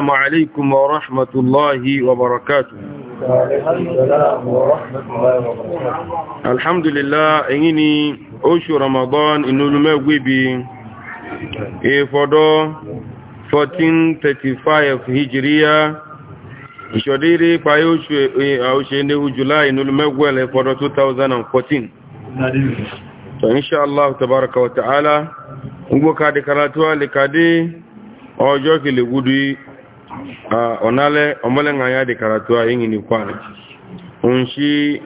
السلام عليكم ورحمة الله وبركاته الحمد لله إني أوش رمضان إنه لما قبي إفضو 1435 هجرية إشوديري باي أوش إنه جولاي إنه لما قبل إفضو 2014 فإن شاء الله تبارك وتعالى نقول كراتوا لكادي ọjọ́ kìlè gúdú onale omalenga ya karatu a yingi ni kwana unshi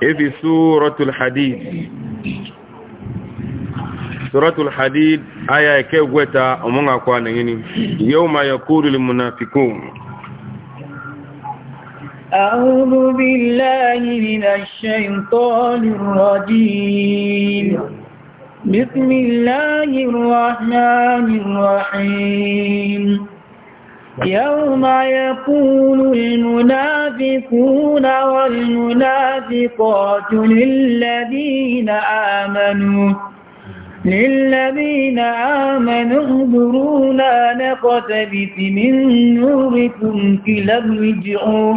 efi suratul hadid suratul hadid aya ke gweta omunga kwana yini yawma yaqulu lil munafiqun أعوذ بسم الله الرحمن الرحيم يوم يقول المنافقون والمنافقات للذين آمنوا للذين آمنوا انظرونا نقتبس من نوركم كلا ارجعوا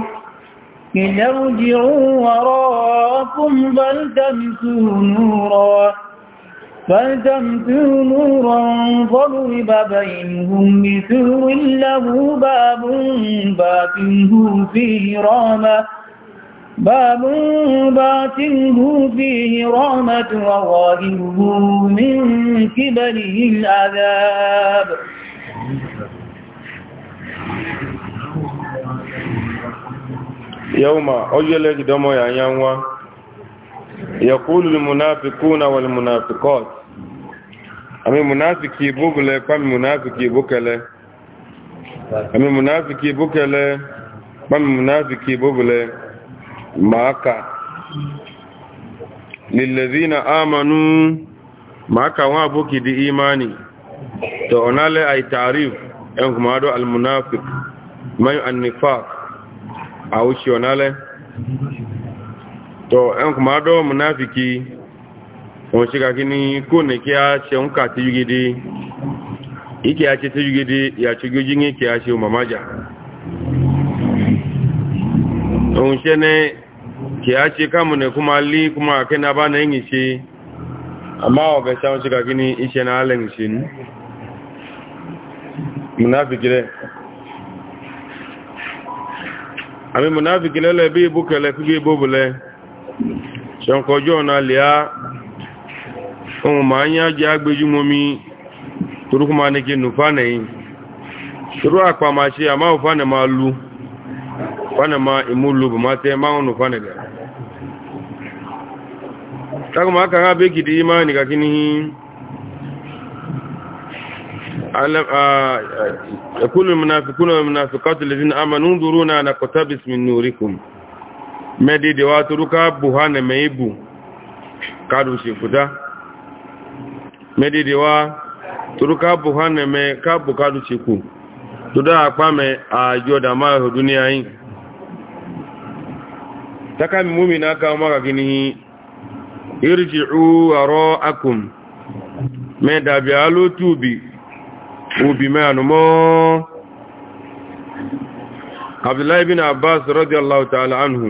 كلا ارجعوا وراءكم بل تمسوا نورا فالتمسوا نورا ضرب بينهم بسور له باب باطنه فيه رامة باب باطنه فيه رامة وظاهره من كبله العذاب يوم أجلك دمو يا يوم يقول المنافقون والمنافقات أمي منافقي بوكلة كم منافقي بوكلة أمي منافقي بوكلة كم منافقي بوكلة معك للذين آمنوا معك وابوك دي إيماني تعنالي أي تعريف أنكم هذا المنافق ما النفاق أو شيء to en kuma do munafiki won shiga kini ko ne ki a ce un ka ti yigidi ike a ce ti yigidi ya ci gojin ike a ce mamaja on she ne ki a ce kamu ne kuma li kuma kana ba na yin shi amma o ga sha shiga kini ishe na alen shi munafiki ne fi bi bobule ṣankọjọ́ ọ̀nà lẹ́á ohun ma ń yá jẹ́ agbéjúmọ́mí torúkú ma ní kí nù fánẹ̀yìn torú àpá ma ṣe àmáhùn fánẹ̀ ma lú fánẹ̀ ma ìmúlò bọ̀ má tẹ́ máhùn nù fánẹ̀ dẹ̀ takùnmọ̀ akàrà bẹ́kìdì máa nìkàkí المنافقون والمنافقات الذين آمنوا انظرونا نقتبس من نوركم mẹ́dí dẹwà turuka buha na mẹ́ibu kádù sí fúta mẹ́dí dẹwà turuka buha na mẹ́ kábù kádù sí kù tó dá apá mẹ́ àjọ dàmà ìhùdú ní ayín taka mi múmi na aka maka gini irji ruwaro akum mẹ́ dàbí alótúbi ubi mẹ́ ànumọ́ abdullahi bin abbas radiyallahu ta'ala anhu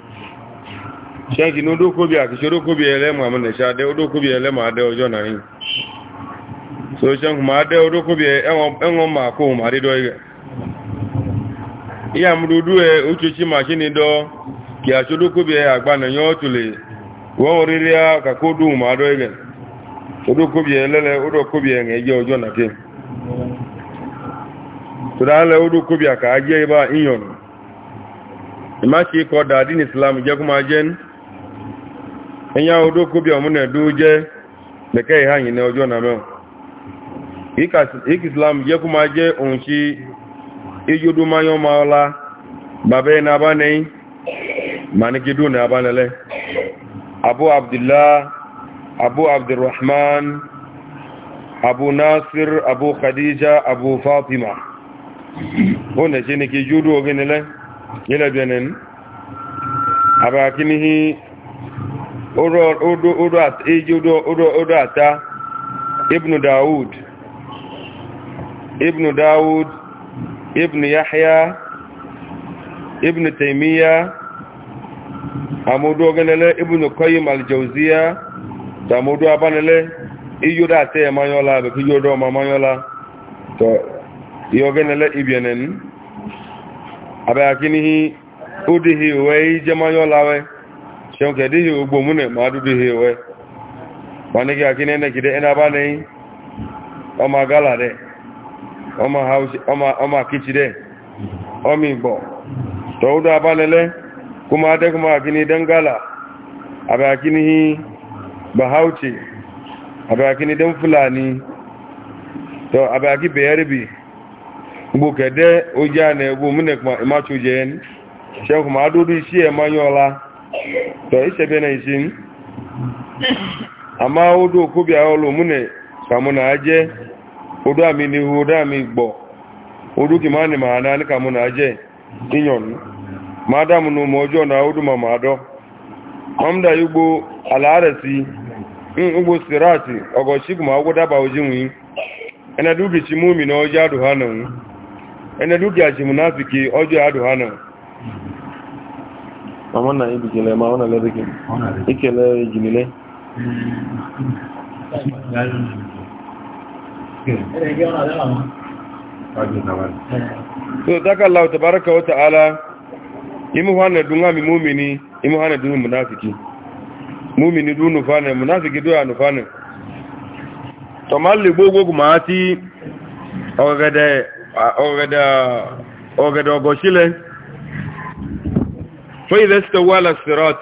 ṣẹ́jì ní odókóbi àkíṣẹ́ odókóbi ẹlẹ́mù àmúnẹ̀ṣẹ́ adẹ́ odókóbi ẹlẹ́mù adẹ́ ọjọ́ nàárín so ṣẹ́kùn ma adẹ́ odókóbi ẹwọ́n ma kó ma dídọ́ igẹ̀ iya múdúdú ẹ oṣooṣi ma ṣí ni dọ́ kí àṣọ odókóbi àgbànàyàn ọ̀tùlẹ̀ wọ́n orílẹ̀ àkàkódù ma dọ́ igẹ̀ odókóbi ẹlẹ́lẹ́ odókóbi ẹ̀rẹ̀ ẹjẹ́ ọjọ́ nàáké odókóbi àkàájẹ́ ibá ìyọ̀nù ìmáṣe kọ́ dàdín ìsìlámù jẹ́kú ní ẹ̀yà odó kó bí ọmúnà ẹ̀dó jẹ́ lẹ́kẹ́ ìhá yìí ní ọjọ́ nàmẹ́ ìkì islam yẹ kó máa jẹ́ òun sí ijódó máa yán máa ọlá bàbá abánẹ́yìn abu abdullah abu abdulrahman abu nasir abu khadija abu fatima ó nẹ̀ ní kí ijódó odo ata ibnu daud ibnu daud ibnu yahya ibnu taimiyya amudu ogenele ibnu koyim aljauziya ta amudu abanele iyodo ata ya manyola abu ki yodo ma manyola to yogenele ibyanen abakinihi udihi wei jamanyola wei ṣeun kẹ̀dí ihe gbogbo múnẹ̀ máa ihe wẹ́ manigi akíní ẹnẹ́ kìdẹ́ ẹnà bá ní ọmọ gálà rẹ̀ ọmọ akíchì rẹ̀ ọmọ ìgbọ̀ tọ́wọ́dá abánilẹ́ kó máa gala. akíní dẹ́ngálà àbẹ̀ akíní bahauchi àbẹ̀ fulani tọ́ Ugbo ta ise bena isin ama odo okobia olu mune kamuna aje odo ami ni odo ami gbo odo ki mani maana ni kamuna aje inyon madam nu mojo na odo mama do amda yugbo alarasi ugbo sirati ogochi kuma ogoda ba ojinwi ena dubi chimumi na ojo adu hanan ena dubi ajimunafiki ojo adu hanan ma na ibi kele ma wana lere kele ikele jinile so daga Allah tabaraka wa ta'ala imu hana dunga mi mumini imu hana dunga munafiki mumini du nufane munafiki du ya nufane to malli gogo kuma ati ogada ogada ogada ogosile فإذا استوى على الصراط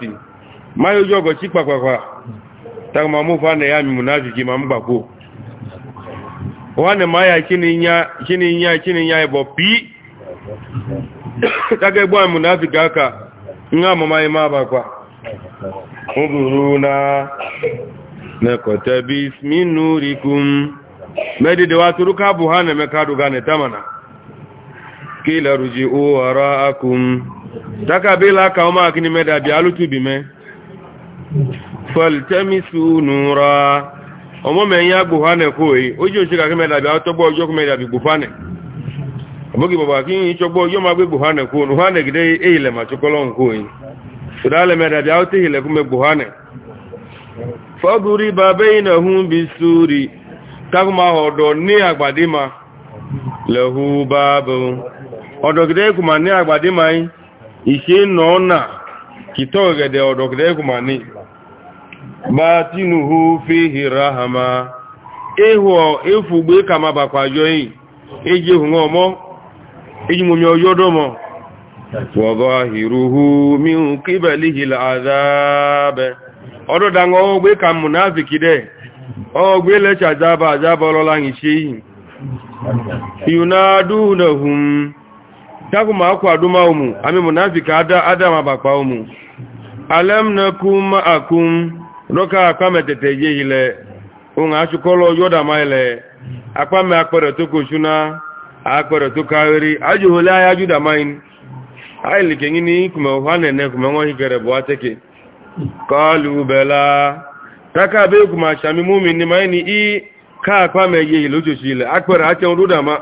ما يجوغ تشيبا كوكا تاما مو فانا يا منافق ما مبكو وانا ما يا كيني يا كيني يا كيني يا بو بي تاكي بو منافق هكا ngama mai ma ba kwa unguruna nakotabis min nurikum medide waturuka buhana mekadu gane tamana kila ruji'u wara'akum taka bela aka ọmọ akini mẹ́ta bí alútùbí mẹ́ O ji ọmọ mẹ́yìn agbòhánẹ̀ kó èyí ó jí òṣèrè akí mẹ́ta bí atọ́gbọ́ ọjọ́ kú mẹ́ta bí gbòfánẹ̀ àbúkì bàbá kí yìí tọ́gbọ́ ọjọ́ máa gbé gbòhánẹ̀ kó nùhánẹ̀ gidẹ́ èyílẹ̀ mà tókọ́lọ́hùn kó èyí sọdálẹ̀ mẹ́ta bí atọ́ èyílẹ̀ kú mẹ́ gbòhánẹ̀ fọ́gùrí bàbá ìnà hún ìṣe nà ọ́nà kìtọ́ ẹ̀gẹ̀dẹ̀ ọ̀dọ̀kẹ̀dẹ̀kùnmà ní bá tínúhú fi ha hàmá ehùọ̀ efùgbé kàmà bàkwà yọ yìí ejì ehùn ọmọ ejì mọ̀mí ọyọ́dọ́mọ wọ̀gọ́ hìrúhú míhù kíbẹ̀lì hìlà àzábẹ̀ takuma akwa aduma umu ami munafika ada adama bakpa umu alam nakum akum roka akame teteje ile unga chukolo yoda maile akame akpere toko shuna akpere to kawiri ajuhula ajuda main aile kengini kuma ohane ne kuma ngo hikere boateke qalu bala takabe kuma shami mu'min ni maini i ka akame ye ile ojoshi ile akpere ache rudama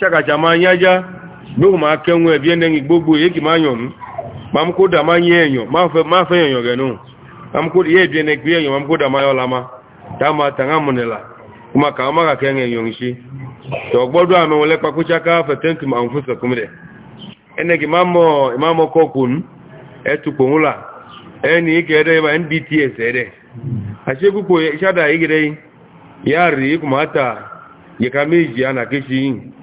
chakacha ma nyaja gbogbo ma kẹwọn ẹbí ẹnẹyìn gbogbo èkì máa yàn mamkódà máa yẹ èèyàn máa fẹ́ èèyàn rẹ̀ náà mamkódà yẹ ẹbí ẹnẹ gbé èèyàn mamkódà máa yọ́ lama dáma tàrà mọ̀nẹ̀lá kuma kàwọn máa kẹrin èèyàn ṣe tọ̀ gbọ́dọ̀ àmì wọn lẹ́pa kó chaka fẹ̀tẹ́ntì máa ń fún sẹ̀kúnmẹ̀ ẹnẹgì máa méjì ànàkéṣi yìí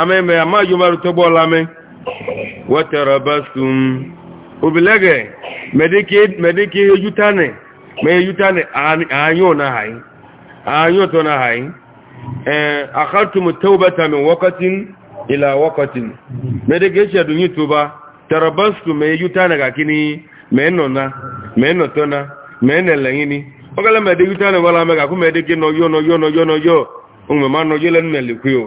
amẹ́mẹ́ amájúmọ́rú tó bọ́ lámẹ́ wọ́tẹ̀rọ bá sùn obìlẹ́gẹ̀ mẹ́díkì ejútánẹ̀ mẹ́yẹjútánẹ̀ ààyàn tó náà hàí àkàtùmù tẹ́wọ́bẹ́tàmì wọ́kọ́tín ìlà wọ́kọ́tín mẹ́díkì ṣẹ̀dùn yìí tó bá tẹ̀rọ bá sùn mẹ́yẹjútánẹ̀ kàkíní mẹ́nọ̀ná mẹ́nọ̀tọ́ná mẹ́nẹ̀lẹ́yìn ni ọgọ́lẹ́ mẹ́díkì nọ yọ́ nọ yọ́ nọ nọ o.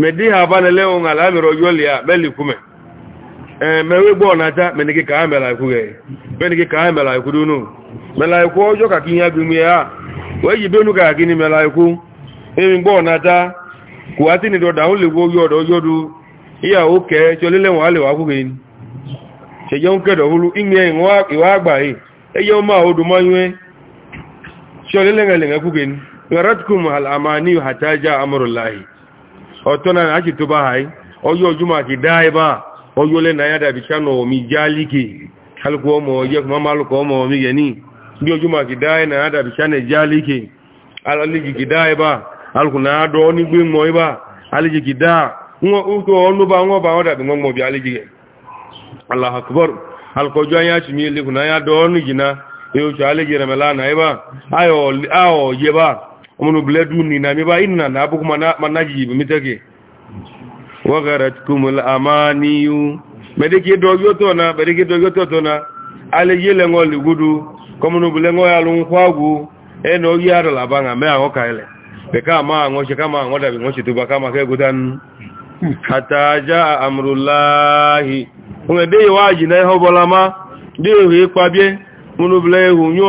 medi ha ba eh, na ele nwe a mere oyi oli ya melikwume ee mewe gbo ọnacha menigi ka ha mere akwughe menigi ka ha mere akwuru ka ka ihe agụ ime ya wee ji benu ka gịnị mere akwụ emi gbo ọnacha kwuwatị ni dọda ụlọ igwe oyi ọdọ ọdụ iya oke cholile nwa alewa akwughe ṣeje ń kẹ́dọ̀ hulu inye ìwà àgbáyé ẹyẹ ọmọ àwọdù mọ́yúnwé ṣọlẹ́lẹ́gẹ̀lẹ́gẹ̀ kúkẹ́ ni rẹ̀rẹ̀tkùn al'amani ọ̀tọ́nà àti tó bá àáyí ọjọ́ ojúmọ̀ àti dáẹ́bá ọjọ́ lẹ́nà ayádàbí sánà omi já líkè kálùkù ọmọ ọjọ́ mọ́málùkù ọmọ omi yẹni bí ojúmọ̀ àti dáẹ́nà ayádàbí sánà já líkè alẹ́jìkì dáẹ́bá alùkù náà dọ́ ní gbé mọ́ ọmọnù bẹ̀lẹ́dù ní na mẹ́bá iná na abúkú manájì yìí mi tẹ́kẹ̀ wọ́gara kúmùlá àmáníyú mẹ́dẹ́kẹ́ dọ́gbọ́tọ̀ na mẹ́dẹ́kẹ́ dọ́gbọ́tọ̀ na alẹ́yẹ́ lẹ́ngọ́ lẹ́gúdú kọmọnù bẹ̀lẹ́ngọ́ ya ló ń kwágù ẹnà ó yá rẹ̀ làbá nga mẹ́ àwọn kàílẹ̀ bẹ̀ká máa wọ́n ṣe ká máa wọ́n dàbí wọ́n nyo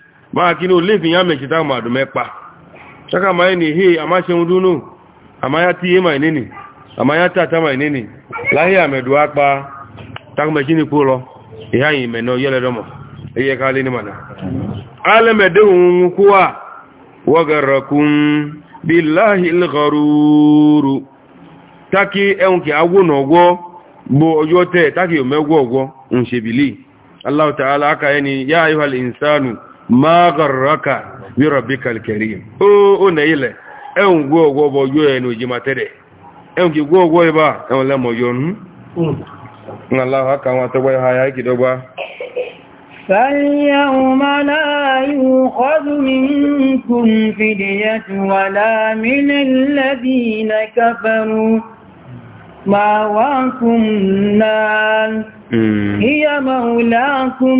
baa kini olefi ya mechita mmadụ mekpa chaka ma e e na ihe amachenwudunu e a ma mainini amanya tata mainini lahia medu akpa takumechini kpụlọ ihe anyị ime na oyeledomo ihe kalini mana alemedewunwukwuwa wagarakun billahi ilgaruru taki enke agwụ na ọgwọ bụ ọjọọ tee taki omegwọ ogwo nshebili allahu ta'ala aka yani ya ayuhal insanu ma gharraka bi rabbikal karim o o na ile e un go go bo yo enu ji matere e un ki go go e ba e un le mo yo nu Allah haka wa ta wai haya ki dogba فَالْيَوْمَ لَا يُؤْخَذُ مِنكُمْ فِدْيَةٌ وَلَا مِنَ الَّذِينَ كَفَرُوا مَأْوَاكُمْ النَّارُ هِيَ مَوْلَاكُمْ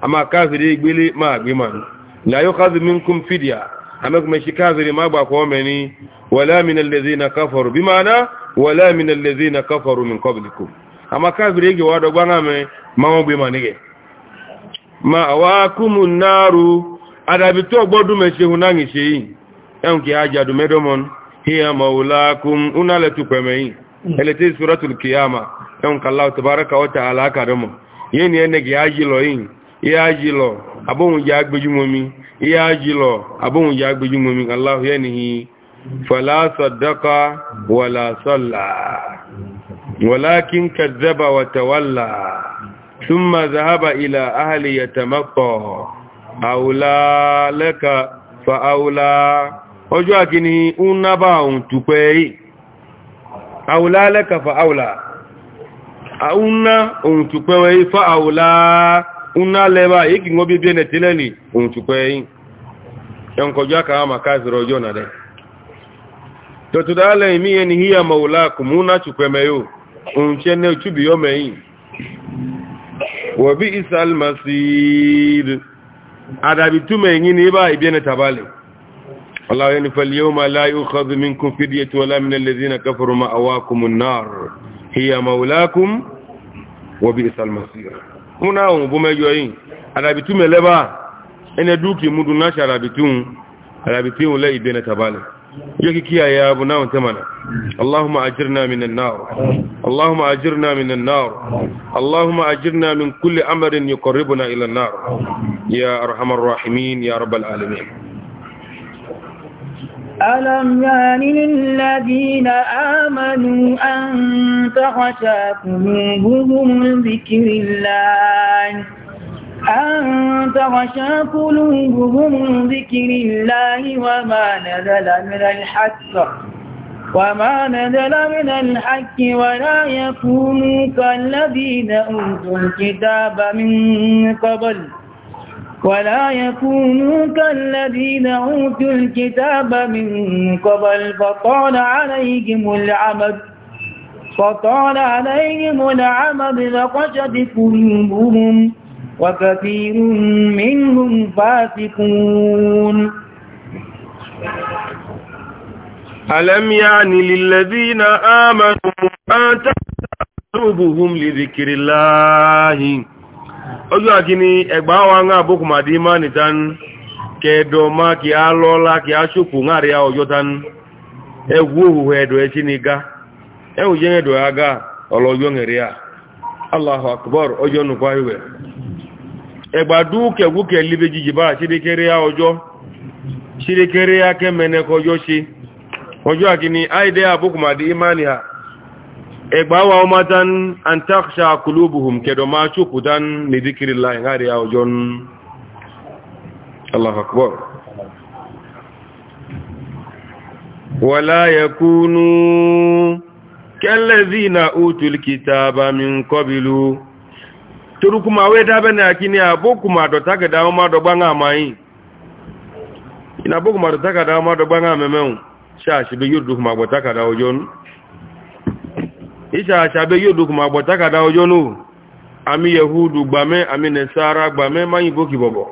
ama kafiri gbele ma gbe man la yukhadhu minkum fidya ama kuma shi kafiri ma ba ko meni wala min alladhina kafaru bimana wala min alladhina kafaru min qablikum ama kafiri ge wado gbanga me ma won gbe man ge ma awakumun naru adabi to gbodun me se hunangi se yi en ki ajadu medomon hiya maulakum unalatu pemeyi elete suratul qiyamah en kallahu tabaaraka wa ta'ala kadamu yeni ene ge aji loyin ya jilo abun ya gbeju momi ya jilo abun ya gbeju momi allah yanihi fala saddaqa wala salla walakin kadzaba wa tawalla thumma dhahaba ila ahli yatamatta aula laka fa aula ojo akini unaba una leba yiki ngobi bene tileni unchukweyi yankoja kama makazi rojona de to tudale imiye ni hiya maulakum una chukwemeyo unchene uchubi yomeyi wa bi isal masir adabi tume ngini ba ibene tabale Allah ŋuna ohun bomeyo yin arabitu meleba ene duki mudu na shi arabitu arabitu la idena tabale yake kiyaye ya abu nawon tamana allahumma ajirna minan nar allahumma ajirna minan nar allahumma ajirna min kulli amrin yuqarribuna ila an-nar ya arhamar rahimin ya rabbal alamin ألم يان للذين آمنوا أن تخشى قلوبهم لذكر الله أن تخشى قلوبهم ذكر الله وما نزل من الحق وما نزل من الحق ولا يكونوا كالذين أوتوا الكتاب من قبل ولا يكونوا كالذين أوتوا الكتاب من قبل فطال عليهم العمد فطال عليهم العمد فقشت قلوبهم وكثير منهم فاسقون ألم يعني للذين آمنوا أن تحت قلوبهم لذكر الله ojú àkíní ẹgbà wa ń àbúkù máa dí máa nìta ń kẹ́ẹ̀dọ̀ máa kí á lọ́lá kí á ṣòpò ńàrí ọjọ́ ta ń ẹwú òhùhù ẹ̀dọ̀ ẹ sí ni gá ẹwù jẹ́ ẹ̀dọ̀ agá ọlọ́jọ́ rẹ̀ aláhùakbọ́r ọjọ́ nùkwá egbawa umatan an taksha kulubuhum kedo ma chukutan ni dhikrillah ngari ya ujon Allahu akbar wala yakunu kallazina utul kitaba min qablu turukuma we dabana akini abokuma do tagada ma do banga mai ina bokuma do tagada ma do banga memeu sha isha achabe yóò dùkù ma gbọ̀ takada ọjọ́ náà àmì yahudu gbàmẹ́ àmì nẹ̀sára gbàmẹ́ máyìn bókì bọ̀bọ̀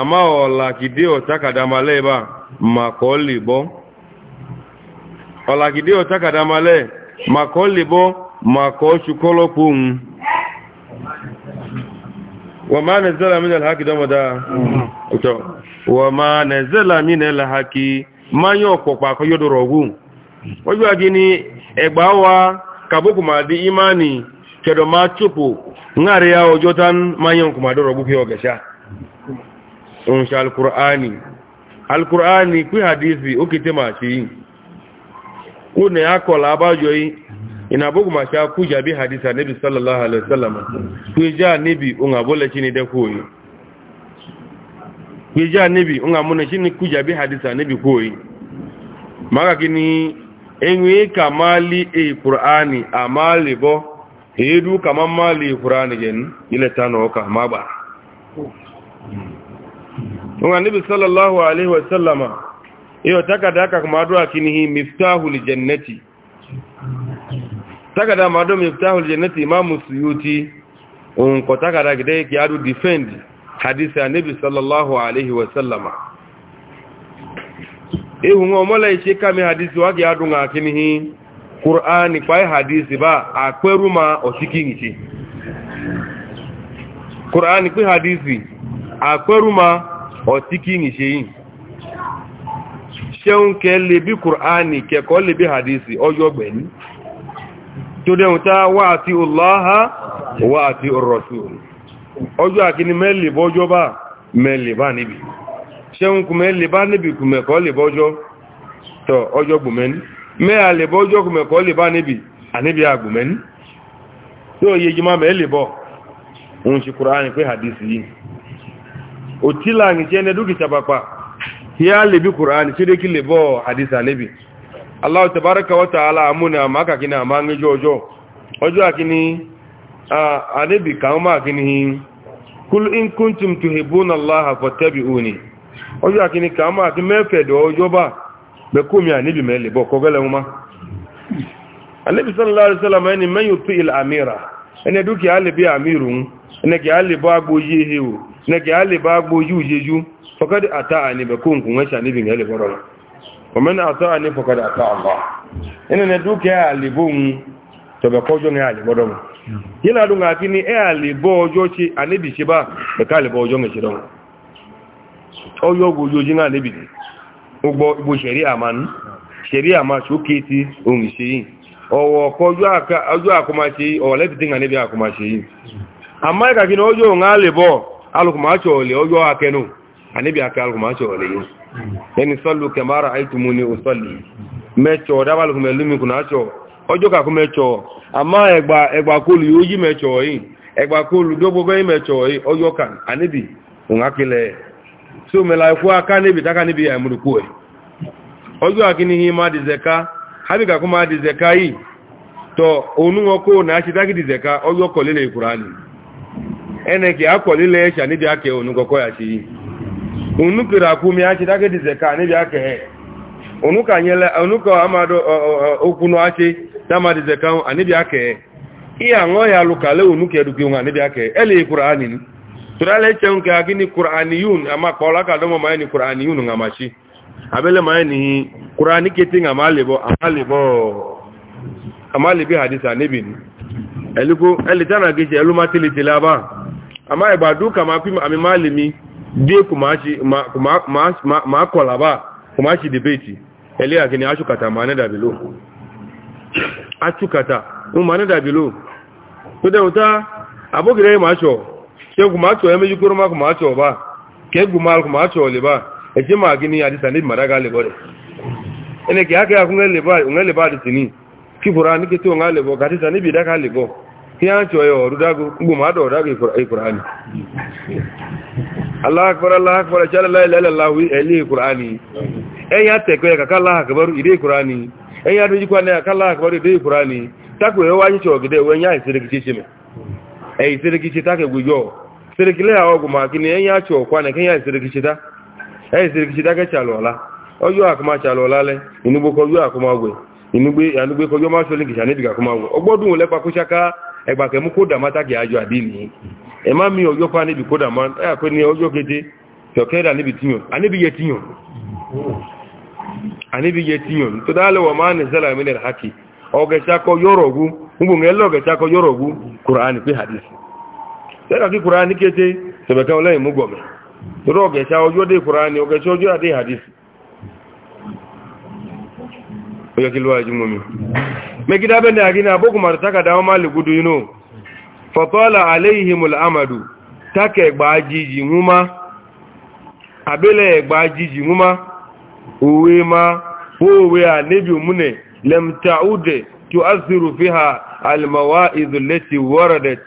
àmá ọ̀la kìdé ọ̀takada malẹ́ bá ma kọ́ lè bọ́ ọ̀la kìdé ọ̀takada malẹ́ ma kọ́ lè bọ́ ma kọ́ ṣukọ́lọ́pọ̀ òun wọ́n máa kaboku ma di imani kedo ma chupu ngare ya ojotan mayon kuma doro buki ogesha unsha alqur'ani alqur'ani ku hadithi ukitema chi kune akola abajo yi inaboku ma sha kuja bi haditha nabi sallallahu alaihi wasallam kuja nabi ungabole chini de kuyi nabi ungamune chini kuja bi haditha maka kini enwe ka mali e qur'ani amali bo edu kama mali e qur'ani gen ile tano ka maba unga nabi sallallahu alaihi wasallama iyo takada aka kumadu akinihi miftahu lijannati takada madu miftahu lijannati imam suyuti unko takada gide ki adu defend hadisi ya nabi sallallahu alaihi wasallama ihu nwa omola iche kami hadisi wa ga adu nga kinihi qur'ani kwa e hadisi ba akweru ma osiki ngichi qur'ani kwa e hadisi akweru ma osiki ngichi seun ke le bi qur'ani ke ko le bi hadisi ojo gbeni to de ta wa ati allah wa ati ar-rasul ojo akini meli bojo ba meli ba nibi ṣẹ́hun kùmẹ́ lè bá níbi kùmẹ́ kọ́ lè bọ́jọ́ tọ ọjọ́ gbùmẹ́ni mẹ́ra lè bọ́jọ́ kùmẹ́ kọ́ lè bá níbi àníbi àgbùmẹ́ni tí ó yẹ jí máa mẹ́ bọ́ òun ṣe kúrò áyìn pé hadisi yìí òtí láàrin tí ẹni dúkìtà kí á lè bí kúrò áyìn tí ó dé kí lè bọ́ hadisi àníbi aláwọ̀ tàbárakà wọ́ta aláàmúnà àmákàkínà àmá ń gẹ́jọ́ ọjọ́ àníbi ọjọ́ àkíní kà máa kí mẹ́fẹ̀ẹ̀dọ̀ ọjọ́ bá mẹ́kúnmí àníbì mẹ́lẹ̀ bọ́ kọgẹ́lẹ̀ wọn má alẹ́bí sallallahu alaihi wasallam ẹni mẹ́yìn tó ilẹ̀ àmìrà ẹni dúkìá lè bí àmìrù ń ẹni kìá lè bá agbó yé he o ẹni kìá lè bá agbó yú yéjú fọkàdé àtà àní mẹ́kúnkùn ẹ̀ṣà níbi mẹ́lẹ̀ bọ́rọ̀ lọ ọmọdé àtà àní fọkàdé ọyọ́ gbogbo ojú náà níbi gbogbo igbo ṣẹ̀rí àmà ní ṣẹ̀rí àmà ṣókè tí ohun ìṣe yìí ọ̀wọ̀ ọ̀kọ́ ojú àkọmáṣe ọ̀wọ̀ lẹ́tìtì náà níbi àkọmáṣe yìí àmá ìkàkí ní ọjọ́ òun á lè bọ́ alùkùnmáṣọ̀ ọ̀lẹ̀ ọjọ́ akẹnu àníbi akẹ alùkùnmáṣọ̀ ọ̀lẹ̀ yìí ẹni sọ́lù kẹmàrà àìtùmù ni ò sọ́lì mẹ́tọ̀ dábàlùkùnmẹ́lúmìkùnmáṣọ̀ ọjọ́ kàkùnmẹ́tọ̀ àmá ẹgbàkólù yóò yí mẹ́tọ̀ yìí ẹgbàkólù dógbogbo yìí mẹ́tọ̀ òun á tí ó mẹ́la ẹ̀kú aká níbi táká níbi àìmúrùkú ẹ̀ ọjọ́ àkíníhí máa di zẹ̀ká hábìkà kó máa di zẹ̀ká yìí tọ onúwọ́kó náà ṣe tágìdì zẹ̀ká ọjọ́ kọ̀lélẹ̀ ìkùránì ẹnẹ̀kì akọ̀lélẹ̀ ẹ̀ṣà níbi akẹ́ onúkọ̀kọ́ àṣẹ yìí onúkìràkú mi á ṣe tágìdì zẹ̀ká amado okunu àṣẹ támàdì zẹ̀ká níbi akẹ́ ya lùkàlẹ̀ onúkẹ̀ẹ́dùkẹ́ wọn níbi akẹ́ ẹ̀ ni turale chen ke agini qur'aniyun ama kola ka domo ma ni qur'aniyun ngamashi abele ma ni qur'ani kete ngamalebo amalebo amalibi hadisa nibin eliko elitana gije eluma tilitilaba ama ibadu kama pima amimalimi de kumashi ma ma ma, ma kola ba kumashi debate ele agini ashukata mane da bilo ashukata umane da bilo to da uta abogire ma sho ṣe gùnmáàtọ̀ ẹ méjì kúrò má gùnmáàtọ̀ ọba kẹ́ gùnmáàtọ̀ lè bá ẹjẹ́ máa gí ní àdìsà ní ìmàdága lè bọ́rẹ̀ ẹni kí ákẹ́ akúnlẹ̀ lè bá àdìsì ní kí fura ní kí tí òun á lè bọ́ kàdìsà níbi ìdáka lè bọ́ kí á ń tọ́ ẹ ọ̀rú dágó gùnmáàtọ̀ ọ̀dágó ìkùránì aláàkùrá aláàkùrá ṣe aláìláìláwí ẹ̀lẹ́ ìkùránì ẹ̀yà tẹ̀kọ́ ẹ̀ kàkà láàkùbárù ìdé ìkùránì ẹ̀yà dójúkọ́ ẹ̀ kàkà láàkùbárù ìdé ìkùránì tákùrẹ̀ wáyé ṣọ̀gẹ̀dẹ̀ wẹ́nyà ìsẹ́rẹ̀kì ṣe ṣe ẹ̀yìn ìsẹ́rẹ̀kì ṣe tákẹ̀ gbójọ́ sirikile ya ogu ma kini cho kwa ne ya sirikichida e sirikichida ke chalola oyo le inugbo ko yo akuma gwe inugbe anugbe ko yo ma so linki sane e ma mi oyo pa ni bi ko da man e ko ni oyo kete to keda ni bi tinyo ani bi ye tinyo ani bi ye yorogu ngungu ngelo ogeshako yorogu qur'an fi hadith lẹ́ka kí kura ní kété sẹ̀bẹ̀ká ọlẹ́yìn mú gọ̀mẹ̀ torí ọ̀gẹ̀ṣà ọjọ́ dé kura ni ọ̀gẹ̀ṣà ọjọ́ àdé hadith ó yẹ kí ló wá jùmọ̀ mi mẹ́gídá bẹ́ẹ̀ ni àgínà abókùnmàrù tákàdá wọn máa lè gúdú inú fọ̀tọ́lá aléhìhìmùl amadu tákẹ̀ ẹ̀gbà jíjì múmá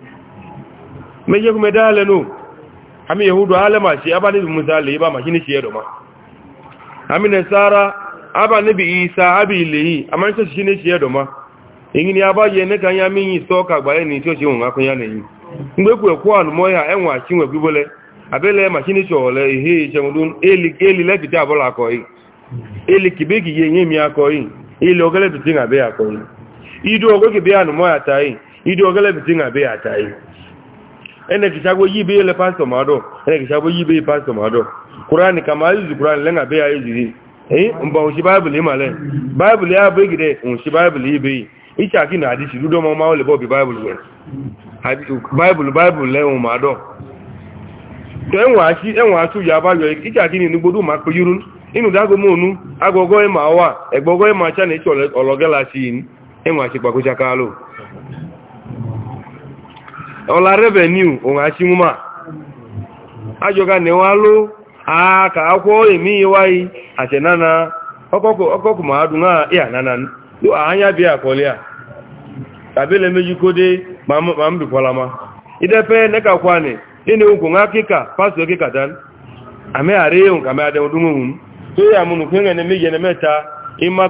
meje kuma dale no ami yahudu alama shi abani bi musa le ba ma shine shi yado ma ami nasara abani bi isa abi leyi amani shi shine shi yado ma ingini abaye ne kan ya mi yi soka gba ni ti o se won akun ya leyi ngbe ku e ku anu mo ya enwa chi we gbole abele ma shine shi ole ehe je mo eli eli le ti abola ko yi eli kibegi ye yin mi akoyi ile ogele bi tin abe akoyi ido ogoge bi anu mo ya tai ido ogele bi tin abe atai ene kishago yibe ile pastor mado ene kishago yibe ile pastor mado qur'an kama yuzi qur'an lenga be ayuzi eh mba ushi bible male bible ya be gide ushi bible yibe icha kina hadisi dudo mo ma bo bi bible we bible bible le o mado tenwa shi enwa tu ya ba yo icha ni gbodu ma ko yurun inu dago mo nu agogo ma wa egbogo e ma cha ni chole ologela shi ni shi pa ọla reveniu onwe mụmaa, ajọga na ewalụ aka akwụọ emi iwayi achenana ọkọkụ ma adụna ya nana anya bịa akọli a kabila emejikode ma m bikwala ma idepe nekakwani ina ukwu nwa kika pasto kika dan ameghara ihe nka meghara dunwunwu m so ya na na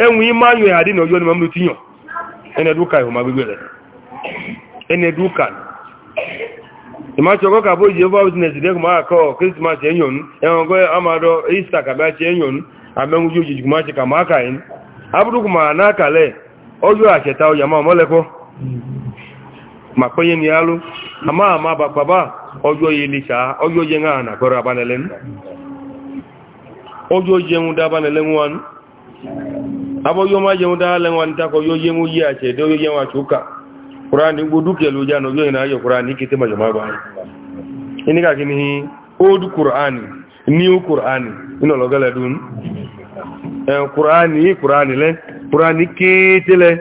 E ime anyụ ya dị na oyo ma m rutinyo eneduka ihu ma gbegbere eneduka ìmáṣọ́kọ́ kàbó ìjẹ́fà business lẹ́kùn máa kọ́ a ẹ̀yọ̀n ẹ̀wọ̀n kọ́ amado easter kàbáṣẹ́ ẹ̀yọ̀n àmẹ́wùjú òjìjì máa ṣe kàmáàkà yìí ọjọ́ ma a mm. ama máa bà pàbá ọjọ́ ilẹ̀ṣà ọjọ́ yẹn náà nà abo yo ma jemu da lan wan ta ko yo yemu ya ce do yo yema chuka qur'ani go duke lo jano yo ina yo qur'ani kite ma jama ba ini ka kini odu qur'ani new qur'ani ino lo gala dun eh qur'ani qur'ani le qur'ani kite le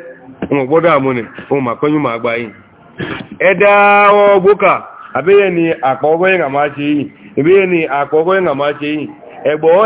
mo boda mo ma ko yu ma eda o buka abeye ni apogo yin ma se yin ebeye ni apogo yin ma se yin egbo o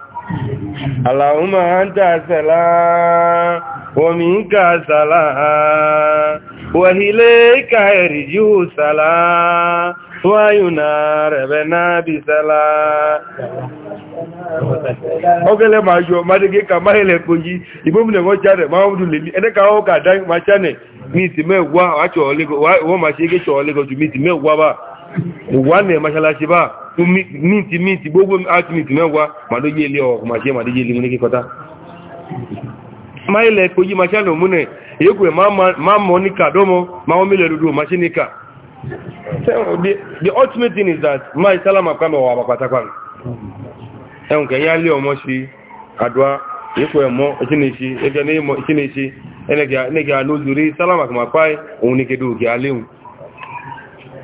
اللهم ụmụ السلام ومنك السلام وإليك يرجو السلام وينار بنا بسلام ogele ma jo ma de ge ka ma hele koji ibo jare ma le ene ka o ka ma chane mi ti me wa cho le ma se cho le go ti me wa ìwánẹ̀ maṣalaṣe bá tó mìntì mìntì gbogbo átìmìntì mẹ́wàá màdójé ilé ọkọ̀ màṣẹ màdójé ilé múnikí kọta máa ilẹ̀ ìpòjí múnẹ̀ èyíkù ẹ̀ máa mọ́ ní kàdọ́mọ́ máa wọ́n mílẹ̀ lódò maṣẹ́ ní kà the ultimate thing is that máa ìsálàmà pàmẹ́ wà pàpàtàkàn ẹ̀hùn kẹ̀yà lé ọmọ sí àdúrà èyíkù ẹ̀ mọ́ ìṣínìṣí ẹgẹ́ ní ìmọ̀ ìṣínìṣí ẹnẹ́gẹ̀ àlójúrí sálàmà kàmà òun ní kedò òkè aléhùn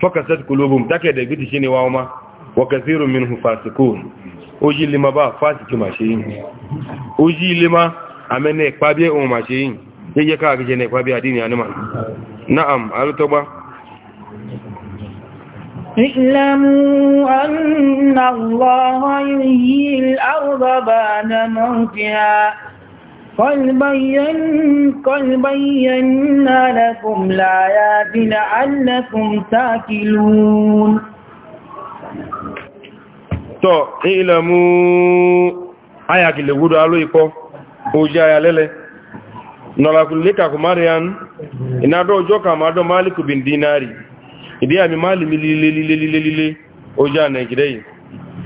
fakasat kulubum take da biti shine wawo ma wa kathirun minhum fasikun oji lima ba fasiki ma ṣe oji lima amene ipabi ohun ma ṣe yin yeye ka gije na ipabi adini anima na'am alutogba اعلموا أن الله يحيي الأرض بعد موتها قد بين قد بينا لكم الآيات لعلكم تاكلون tọ́ ilẹ̀ mú ayàkìlẹ̀ wúdó aló ikọ́ ojú ayà lẹ́lẹ̀ nọ̀làkùnlékà kò má rí án ìnádọ́ ọjọ́ kàmádọ́ máàlìkù bí dínárì ìdí àmì máàlìmí lílélílélílé ojú à nàìjíríà yìí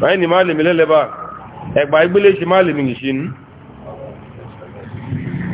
báyìí ni máàlìmí lẹ́lẹ́bà ẹgbà igbélé ṣe máàlìmí nìṣínú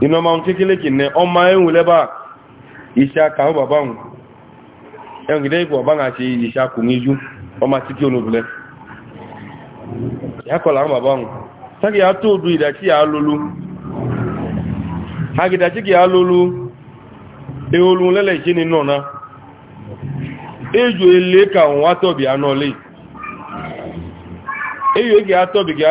inoma nkekele kine ọma enwule ba isha e e ka hụ baba nwụ engide ikwu ọba na achị isha kwụ n'iju ọma tiki onobule ya kọla hụ baba nwụ sagi ya gị nọ na ege gị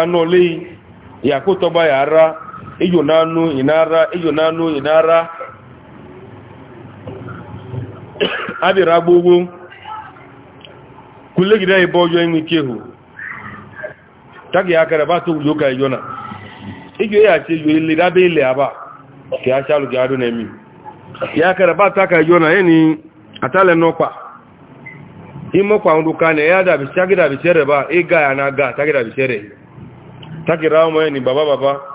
ya ya ijo nanu inara ijo nanu inara abira gbogbo kule gida ibo ojo inu kehu tagi akara ba to wuyo ka ijo na ijo ya se yo ile dabe ile aba ki a shalu ki adu na mi ya akara ba ta ka ijo na eni atale nopa imo kwa nduka ne ya da bi shagida bi shere ba e ya na ga tagida bi shere tagi rawo mo ni baba baba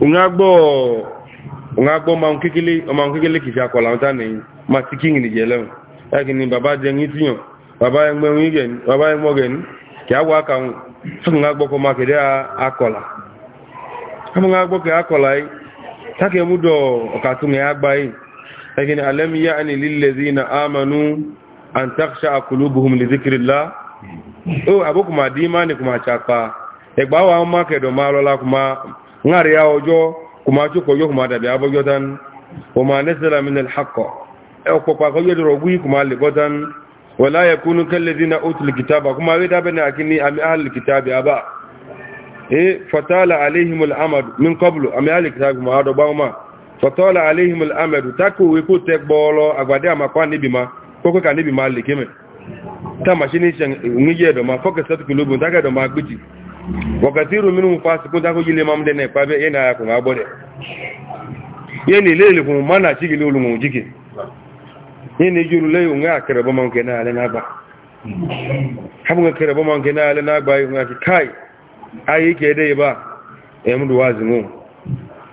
ungagbo ma nkikili ma nkikili kisi akola nta ni ma tiking ni jele yaki ni baba je ngi baba engbe ngigen baba engbo gen ki agwa ka ngagbo ko ma kede akola ama ngagbo ke akola yi take mudo okatun ya agba yi yaki ni alam ya'ni lil ladina amanu an takhsha qulubuhum li dhikrillah o abokuma di imani kuma chapa egba wa ma kedo ma lola kuma ngari ya ojo kuma ci ko yo kuma da bi abojo tan kuma nasala min alhaq e ko pa ko yedro gui kuma le godan wala yakunu kal ladina utul kitaba kuma we da bane akini am ahlul kitabi aba e fatala alaihim alamad min qablu am ahlul kitabi ma do bawma fatala alaihim alamad taku we ko tek bolo agbade amakwa nibi ma koko ka nibi ma le keme ta machine shen ngiye do ma focus kulubun ta do ma gbiji wakatiru minnu fasikun tako yile mamu dene kpabe yena ya kun abo de yeni lele kun mana chigi lulu mu jiki yeni juru le unga akere bo manke na ale na ba habu nga kere bo manke na ale na ba ki kai ayi ke de ba emdu wazimu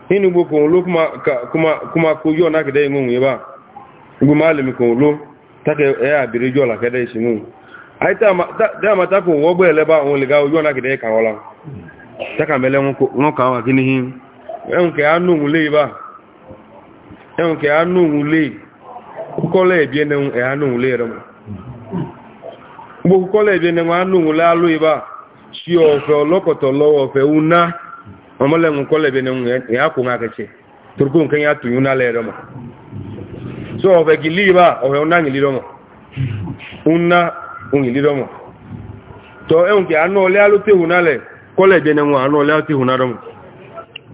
hinu bo kun lu kuma kuma kuma ku yo ke de ngun ba gumale mi kun lu take e abiri jo ke de shi anyị tamata ka ụwa ụgbọ eleba onwele ga oyi ọnagide ya ka ọla mele nwoke ahụ gị n'ihi enwuke anụ ke a enwuke anụ onwule kọla ebie na e, anụ onwule na anụ onwule alụ a si na e, e, a una ngili ungilidomo to eunke ano le alote hunale kole jene mu ano le alote hunadomo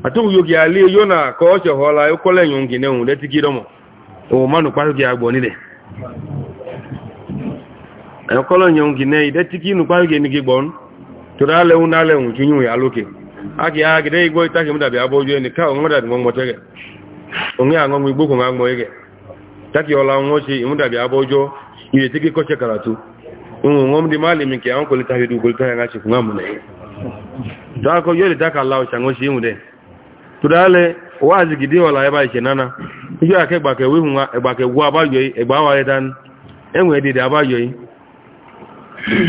atu yogi ali yona ko che hola yo kole yungi ne un leti gidomo o manu pa yogi agbo ni de ne ide tiki nu pa yogi ni gigbon to le unale un junyu ya aki agi de igbo itaki mu da ni ka o mu da bi mo mo taki ola won o se imu tiki ko che Mm, ngom di mali min ke an ko litafi du ko litafi ngachi ko ngamu ne da ko yori da ka lawo chango shi mu de to dale wazi gidi wala ya ba shi nana yo ake gba ke wi hunwa e gba ke gwa ba yo e gba wa le dan enwe de da ba yo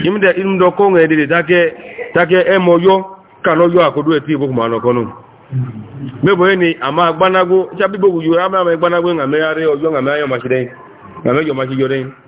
yim de im do ko ngai de da ke ta ke e mo yo ka lo yo akodo e ti bo ma no kono me bo ni ama agbanago cha bi bo yo ama agbanago ngame are ojo ngame ayo ma shi de ngame yo ma shi yo de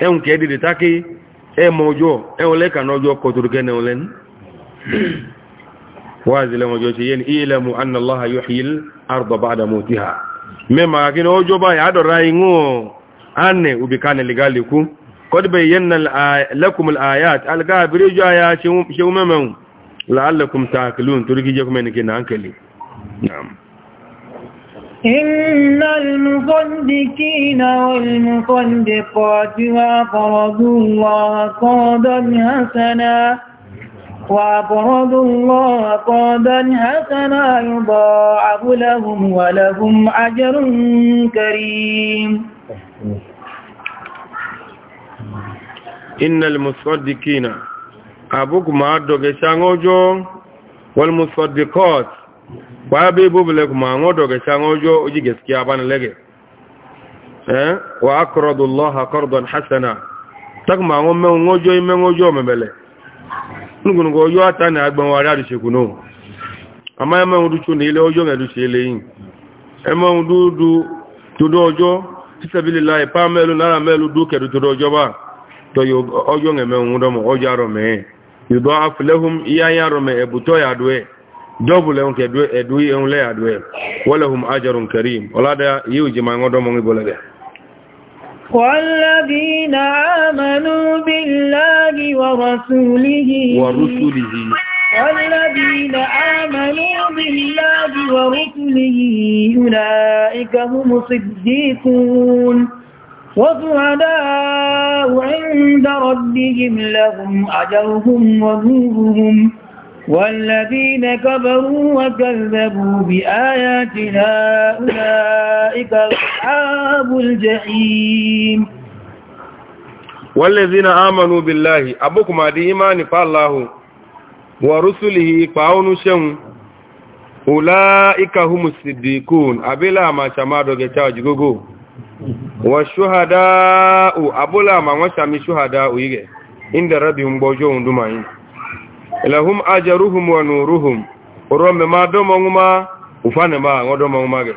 ẹ̀hùn kẹ́ dìde tákì ẹ̀ mọ ọjọ́ ẹ̀hùn lẹ́ka náà ọjọ́ kọtùrù kẹ́ náà lẹ́nu wáàzì lẹ́wọ̀n ọjọ́ ṣe yẹn ilẹ̀mù annaláha yóò hìl àrùbọ̀bá àdàmù ti ha mẹ́mà kí ni ọjọ́ báyìí àdọ̀rà inú ànẹ̀ òbíkanẹ̀ إن المصدقين والمصدقات وأقرضوا الله قرضا حسنا وأقرضوا الله قرضا حسنا يضاعف لهم ولهم أجر كريم إن المصدقين أبوك ما أدوك شانوجو والمصدقات ba bai bubule kuma an odo ga shan ojo oji gaskiya ba na lage eh wa aqradu allaha qardan hasana tak ma won me ojo me ojo me bele nugun go ojo ata na agbon wa rari se kuno ama me odu chu ni ile ojo me du se ile yin e mo du du to do ojo ti sabilillah pa melu nara melu du ke du to ojo ba to yo ojo me me ojo aro me yudafu lahum iya yaro me ebuto ya duwe jobu le onke dwe edu e onle adwe walahum ajrun karim olada yuji mangodo mo ngibole de والذين آمنوا بالله ورسوله ورسله والذين آمنوا بالله ورسله أولئك هم صديقون وشهداء عند ربهم لهم أجرهم ونورهم والذين كفروا وكذبوا بآياتنا أولئك أصحاب الجحيم والذين آمنوا بالله أبوكم هذه إيمان فالله ورسله فعون شم أولئك هم الصديقون أبلا ما شمادو جتاج جوجو والشهداء أبلا ما وشامي شهداء إيه عند ربهم بوجوهم دمائين lahum ajruhum wa nuruhum urome ma domo nguma ufane ma ngodomo nguma ge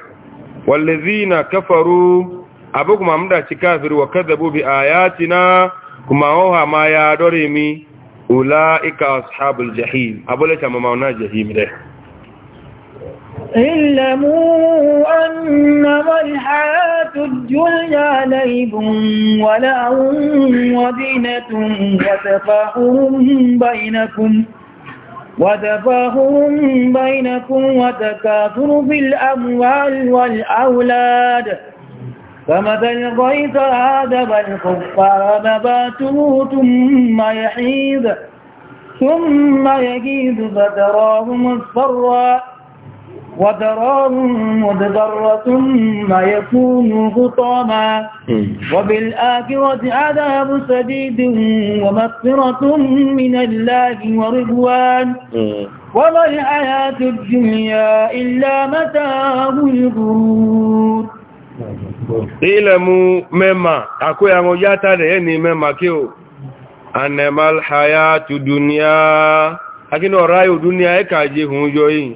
walladhina kafaru abukuma mda chikafiru wa kadhabu bi ayatina kuma oha ma ya dorimi ulaika ashabul jahim abole chama maona jahim de اعلموا أنما الحياة الدنيا ليب ولعب وزينة وتفاهم بينكم وتفاهم بينكم وتكاثر في الأموال والأولاد فمثل غيث آدب الكفار نباته ثم يحيد ثم يجيد فتراه مصفرا ودرار مدبرة ما يكون غطاما وبالآخرة عذاب سديد ومغفرة من الله ورضوان وما الحياة الدنيا إلا متاع الغرور إلموا مما أكو يا مجاتا ريني مما كيو أنما الحياة الدنيا أكيد رأي الدنيا إكاجي هون جوين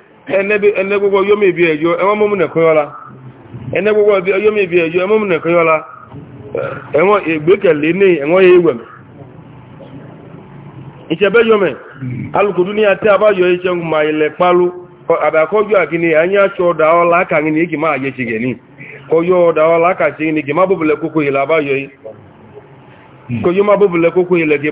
ene gbogbo yóò mèbí ẹjọ́ ẹwọ́n e mọ́mú nẹ̀kọ́ yọ́lá ene gbogbo yóò mèbí ẹjọ́ ẹwọ́n mọ́mú ní ẹwọ́n ewẹ̀ ìṣẹ́bẹ́ yọ mẹ́ alùkòdú ní àti àbáyọ iṣẹ́ ma ilẹ̀ palu àbàkọ́jọ́ àkíní anyá aṣọ ọ̀dà ọlá kàní ní kì máa yẹ ṣe gẹ̀ ní kọjọ́ ọ̀dà ọlá kàṣe kókó ilẹ̀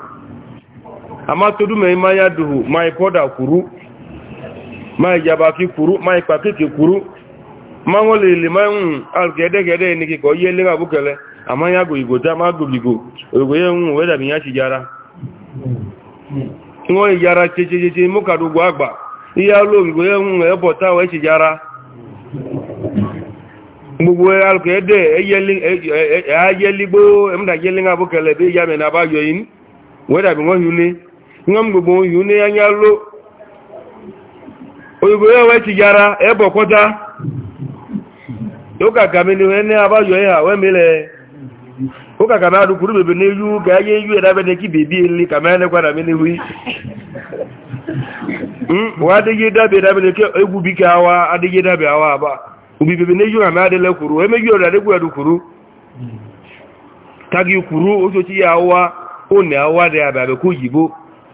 ama todo me ma ya duhu ma poda kuru ma jaba ki kuru ma pa ki kuru ma ngole le ma un al gede gede ni ki ko yele ga bukele ama ya go igo da mi ya si jara ngo du gwa gba iya lo igo ye un e bota we si jara gbogbo alùkò ẹ̀dẹ̀ ẹ̀yẹ́lígbó ẹ̀mùdàjẹ́lígbó abúkẹ̀lẹ̀ bí ìyá mẹ́rin abáyọ̀ yìí wẹ́dàbí wọ́n yìí ní nga mgbogbo oyi une anya lo oyibo ya we chigara ebo kota yoka kamini wene abajo ya we mile oka kama adu kuru bebe ne ka ga ye yu na e be ne ki bebi eli kama ne kwa na mini wi mm wa de ye da be da be ne ke adịghị e bi ka wa ade ye da be awa ba ubi bebe ne yu ma ade le kuru e me yu ora de kwa du kuru tagi kuru ojo ti ya wa ụnụ ne dị de ababe ko yibo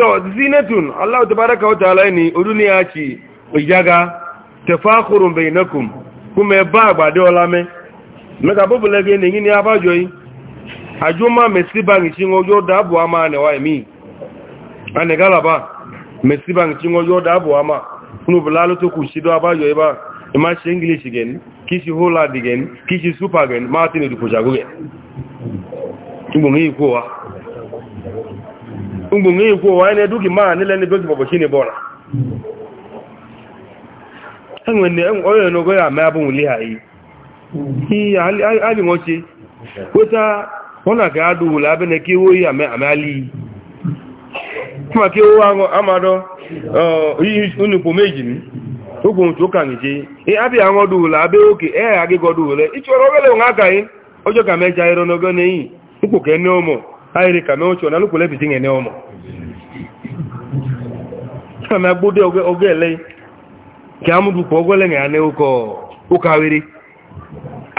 to zinatun Allah tabaraka wa ta'ala ni oduniya ci ijaga tafakhurun bainakum kuma ba gbade olame mega bo bulege ni ngini abajo yi ajuma mesiba ngi ngo yo dabu ama ne wa mi ane galaba mesiba ngi ngo yo dabu ama kunu bulalo to ku shido abajo yi ba kishi hola digen kishi super gen martin du ko jago ngi ko ungu ngi ko wa ne dugi ma ne le ne dogi babo shine bona tanwe ne e, e oyo no ya ma ha ha hayi ali ali mo chi ko ta ona ga du la be ne ki wo ya me amali kuma ki wo ango amado ni to ko to kan je e abi ango du la be oke e agi go du le ichoro wele nga kai ojo ka ne ayiri ka n'oche na lukwule bi dinye n'ọmụ ka ma gbode oge ele ka amụdụ ka ya na ụka awiri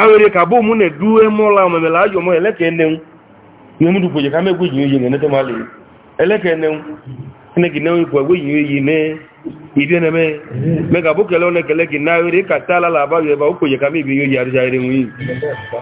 awiri ka bụ na-eduwe mụla omemela ajọ na omụdụ kweje ka megbu ji oyi na-enete mali eleke enenwu ne gị nenwe kele na na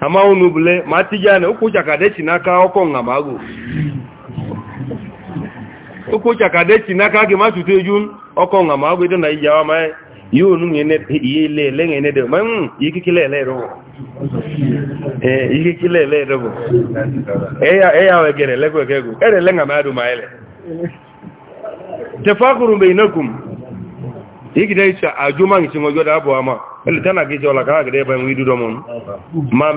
ama unu bule ma tijane ukwu chakadechi n'aka ọkọ nga ma agụ chakadechi n'aka gị ma tutu eju ọkọ nga ma agụ ịdị na ijawa ma ihe onu ihe ile ele nga enede ma m mm, ikikile ele erobo eh, ee ikikile ele erobo eya wegere elekwa ekegu ere ele nga ma adụ ma ele tefakuru mbe inakum igide iche ajụma ngichi nwe godo abụ ama eleta na gị ji ọla ka ha gide ebe nwe idudo m ma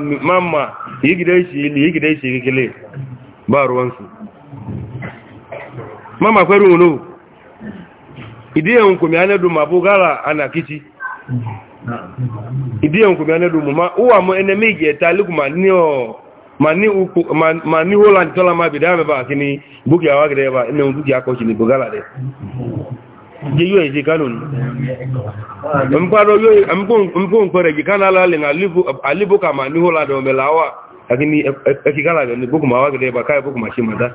mma igide iche ili igide iche ikikele baruo nsu mama kwere nwulu idiye nkwumi anya dum abụ gara ana kichi idiye nkwumi anya dum ma ụwa m enemi ga eta alikwu ma ni o ma ni holand tola ma bido ya mebe akini buki awa gide ebe ene buki akọchi ni bugala de je yo eji kanun mparo yo amko mko nkore ji kana la le ngalibu alibu hola do melawa lakini ekikala e, e ni buku mawa gele ba kai buku mashima da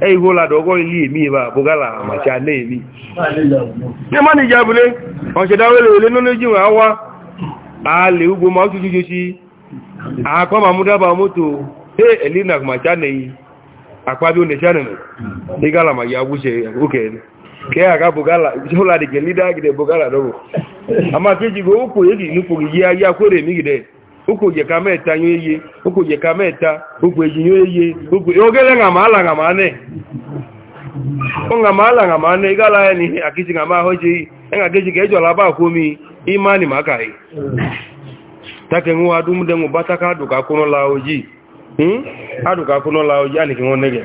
e hola do go ili mi ba bugala ma cha le mi ne mani jabule on se dawe le le nonu ji wa wa a le ugo ma ojuju ji a ko ma mudaba moto he elina ma cha le yi akwa ke aga bugala jola de gelida gide bugala do ama keji go uko yegi nuko giya ya kwere mi gide uko je ka meta nyo eye uko je ka meta uko eji nyo eye uko e ogele e e nga mala nga mane onga mala nga mane igala ni akiji nga ma hoji nga keji ke jola ba ko mi imani makai take nwa dum de ngubata ka duka kuno la oji hm aduka kuno la oji ani ki won nege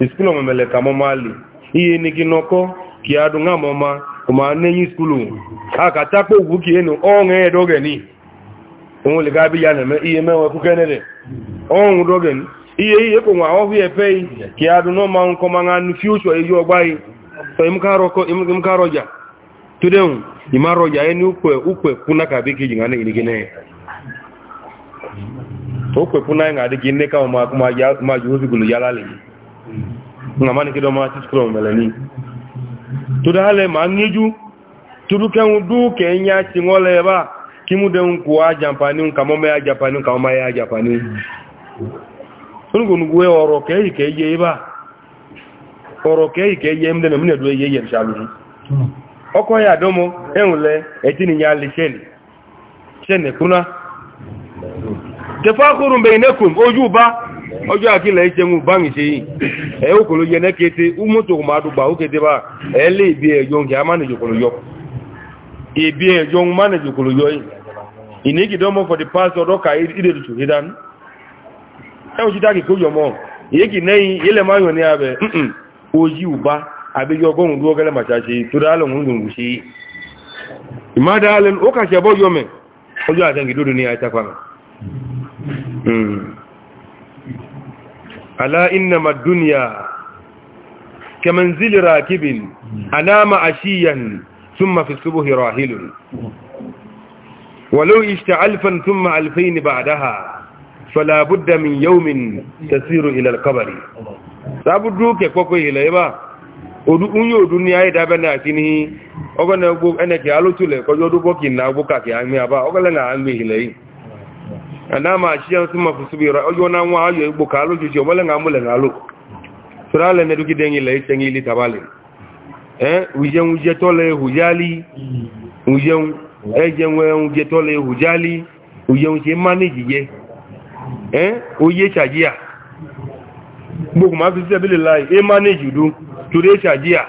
iskulu mameleka mo mali iye ni kinoko kiadu ng'amoma kumaneyi iskulu akatakpo ogu kienu ong'eye dogeni oulika bijaneme iye mewekukenede ou dogeni iye iye kowa ohu epei kiadu noma nkomang'anu fyuchwa iyo ogbai to imkaroja tudeu imaroja eni ukwe ukwe kuna kabikiji ng'ane ini kineye okwe kuna ng'adi kine kamo majuhuzigulu yalali ngamani kido ma ti skro melani to dale ma ngeju turu kan du kenya ti ngole ba kimu de un japani jampani kamo me japani kamo ma ya japani sungu nguwe oro ke ke ye ba oro ke ke ye mde me ne do ye ye shalu oko ya domo enule etini nya le sheli shene kuna tafakhurun bainakum ujuba ọjọ́ àkílẹ̀ ìṣẹ́gun báyìí ṣe yìí ẹ òkòlò yẹ nẹ́kété úmọ́tò kò máa dùgbà ó kété bá ẹ lé ìbí ẹ̀yọ́ kí a mánèjì òkòlò yọ ìbí ẹ̀yọ́ mánèjì òkòlò yọ yìí for the past ọdọ́ka ìdèlùsù hídánú ẹ òjì dákì kó yọmọ ìyẹ́kì nẹ́yìn ilẹ̀ máa yàn ní abẹ òjì ùbá àbíyọ ọgọ́rùn dúró gẹ́lẹ́ màṣáṣe tó dáálẹ̀ òun lòun ṣe ìmádàálẹ̀ ó kàṣẹ bọ́ yọmẹ ọjọ́ àtẹnkìdódò ala innama duniya kamanzili rakibin anama ashiyan ثم في الصبح راحل ولو اشت ألفا ثم ألفين بعدها فلا بد من يوم تسير إلى القبر sabudu ke koko ile ba odu unyo odu ni da bana kini ogona gbo eneke alotule ko yodu bokin na gbo ka ki ami aba ogole na ami ile yi ana ma a yan sun mafi ọ na nwa ayo igbo ka alo juji omole nga mule nga alo sura le ne dugi dengi le ite ngili tabale eh uje uje tole hujali uje nwe uje tole hujali uje uje manage eh chajia ma fi se bile lai e manage du ture chajia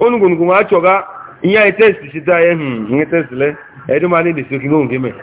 onugun gun wa choga iya test sita eh hmm. test le edumani eh, de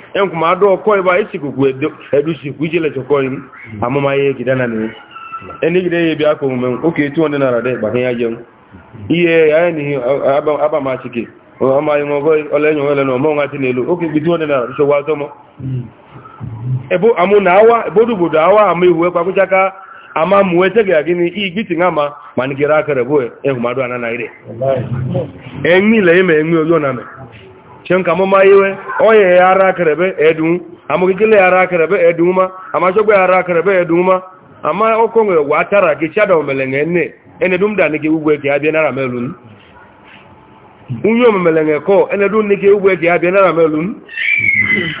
Enkuma ma do ba isi ku ku edu si ku jele to ko im ye gidana ni eni gide ye bi akon men o 200 naira de ba kan ya iye ya ni aba aba ma sike o ama yin ogo ole ole no mo ti nelu o bi 200 naira so wa to mo ebo amu na awa ebo du bodu awa amu ihu e ama mu gini ma ma e chenka mụma iwe onye ya ara akarebe edunwu amụgikele ya ara akarebe edunwuma amachọgba ya ara akarebe edunwuma ama ọkụ nwere gwa atara gị chada omelenge nne enedum da nike ugwe ka ya bịa nara melun unye omemelenge ko enedum nike ugwe ka ya bịa nara melun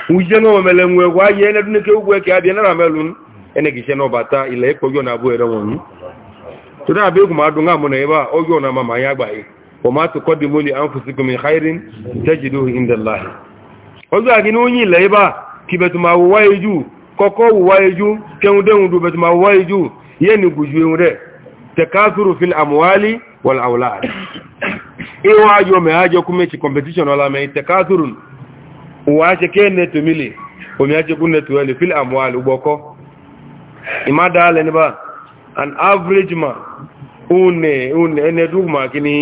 uje nwe omemelenge gwa ye enedum nike ugwe ka ya bịa nara melun enegiche na ọbata ile ekpogio na abụọ ere nwonwu tụrụ abịa egwu ma adụ nga mụ na ebe a oge ọna ma ma وما تقدموا لانفسكم من خير تجدوه عند الله وزاغي نوني ليبا كيبت ما وايجو كوكو وايجو كندون دو بت ما وايجو يني غجو ره تكاثر في الاموال والاولاد ايوا جو ما اجو كوميتي كومبيتيشن ولا ما تكاثر واجه كين تميلي ومي اجو كن توالي في الاموال وبوكو اما دال ان با an average man une une ene dugma kini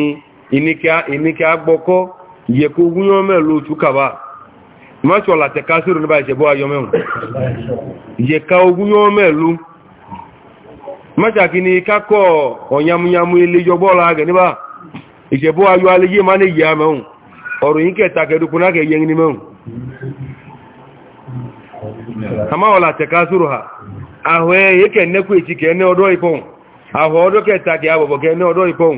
inike agbọkọ yẹ kó gúnyọ́ mẹ́lú otu kaba mọ́ṣọ́ láti kásìrò níbà ìṣẹ̀bọ́ ayọ́ mẹ́rùn yẹ ká ogúnyọ́ mẹ́lú mọ́ṣàkí ni kákọ́ ọ̀nyamúnyamú ilé ní kẹta kẹdùkún náà kẹyẹ ní ha ní ọdọ́ ìpọ̀hùn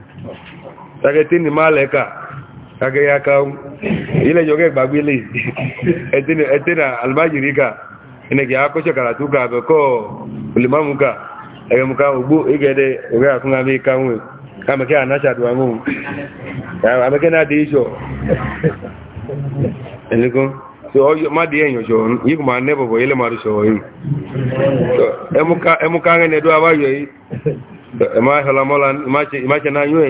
tàgẹ̀tẹ́ ni máa lẹ́ka tàgẹ̀ ya ilẹ̀ yọgẹ́ e e na albájìrí ká ẹnẹ̀kì akọ́ṣẹ́ kàràtú ká àbẹ̀kọ́ olùmọ́mù ká ẹ̀rẹ̀mù ká ogbó ẹgẹ́dẹ́ ọ̀rẹ́ àkúnra mi káwọn kàmẹ́kẹ́ ànáṣàdùwà mọ́ àmẹ́kẹ́ náà dé ẹnìkan tí má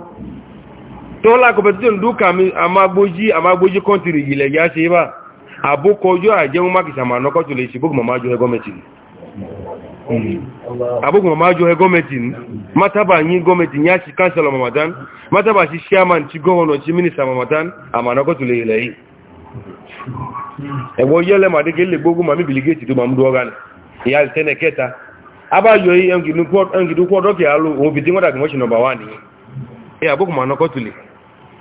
tó la competition duka mi amagboji amagboji country ile ya se ba aboko yo ajeun makisa ma noko to le se bogun mama jo e government ni abogun mama jo e government ni mataba yin government ya si council mamadan mataba si chairman ti governor ti minister mamadan amanoko to le ile yi ẹ̀wọ̀ yẹ́lẹ̀ màdéke lè gbógún màmí bìlígéètì tó màmú dúọ́gá ni ìyá ìtẹ́nẹ̀ kẹta abáyọ ẹnkìdúkọ́ dọ́kì àlò òun fìdí wọ́n dàgbìmọ́ṣì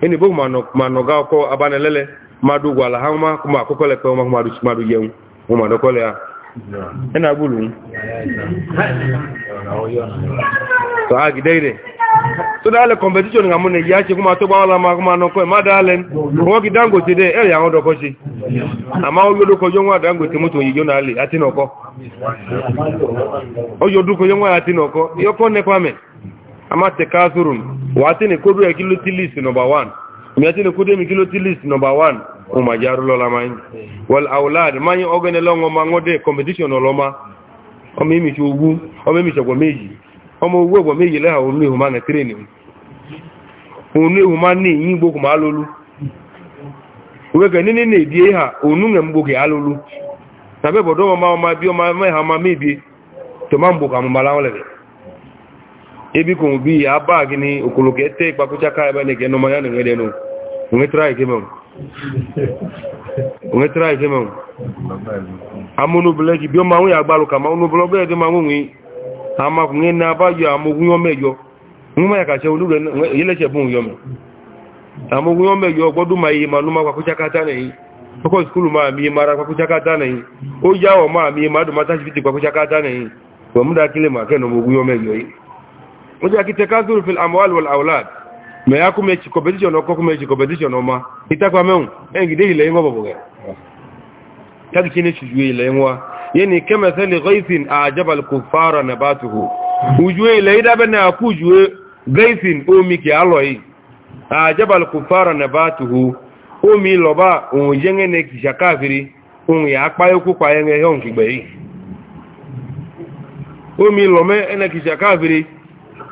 eni bo mano mano ga ko abane lele madu gwala ha ma kuma ko kole ko ma madu madu yewu mo madu kole ya ena bulu to agi deire to dale competition nga mune ya chi kuma to bawala ma kuma no ko ma dalen ko gi dango ti de e ya odo ko si ama o yodo ko yonwa dango ti muto yijo na le ati no ko o yodo ko yonwa ati no ko yo ko ne kwa me ama tekathurun wate ne kodu kilo ti list number 1 miate ne kodu mi kilo ti list number 1 o majaru lo la mai wal aulad mani ogene competition oloma o mi mi chugu o mi mi chogwo meji o mo wo gwo meji le ha o mi huma na training o ni huma ni yin gbo ko ma lolu we ga ni ni ne die ha onu ngem gbo ke alolu tabe bodo ma ma bi o ma ma ha ebi kun bi ya ba gini okoloke te ipa ko chaka ba ne genu maya ne ngede no unge try ke ya gba lo ka ma unu bele be de ma un mejo un ya ka se olu re ile se mi amogun yo mejo gbodun ma yi ma nu ma pa ko chaka mi mara pa ko chaka ta ne yi o ya o ma mi ma do ma ta mejo ojú àkí tekazuru fil amuwal wal aulad mẹ ya kúmẹ̀ ci competition ọkọ̀ kúmẹ̀ ci competition ọma ìtakwa mẹ́un ẹngide ilẹ̀ yíwọ́ bọ̀bọ̀ rẹ̀ tàbí kí ní ṣùjú ilẹ̀ yíwọ́ yẹ́ ni kẹ́mẹ̀sẹ́ lè gọ́ìsìn àjábal kò fara na bá tuhu ujú ilẹ̀ ìdábẹ́ na kú ujú aloi, omi kì á lọ yìí àjábal kò fara na bá tuhu omi lọ́ba òun yẹ́ngẹ́ ne kìí ṣàkáfiri òun yà á páyókú payẹ́ngẹ́ yọ̀n kìgbẹ̀ yìí omi lọ́mẹ́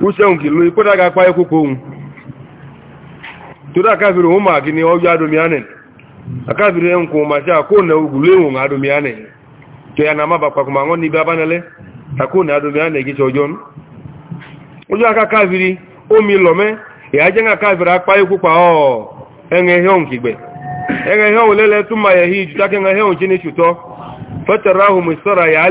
wúṣẹ́hùn kìlú ipódága páyé kókó ohun tó dá káfìrí ohun máa gini ọjọ́ adomianen akáfìrí ẹn kò máa ṣe àkóònà ogùnléhùn adomianen tó yà náà má bà pàkùnmà wọn níbi abánalẹ́ àkóònà adomianen kí ṣọjọ́ ojú aká káfìrí omi lọ́mẹ́ ìyájẹ́ káfìrí apáyé kópa ọ̀ ẹ̀rẹ̀hẹ́hùn kìgbẹ̀ ẹ̀rẹ̀hẹ́hùn lẹ́lẹ́ tún máa yẹ̀ hí ìjútá kẹ́rẹ̀hẹ́hùn tí ní ṣùtọ́ fẹ́tẹ̀ráhùn mùsọ́ra yà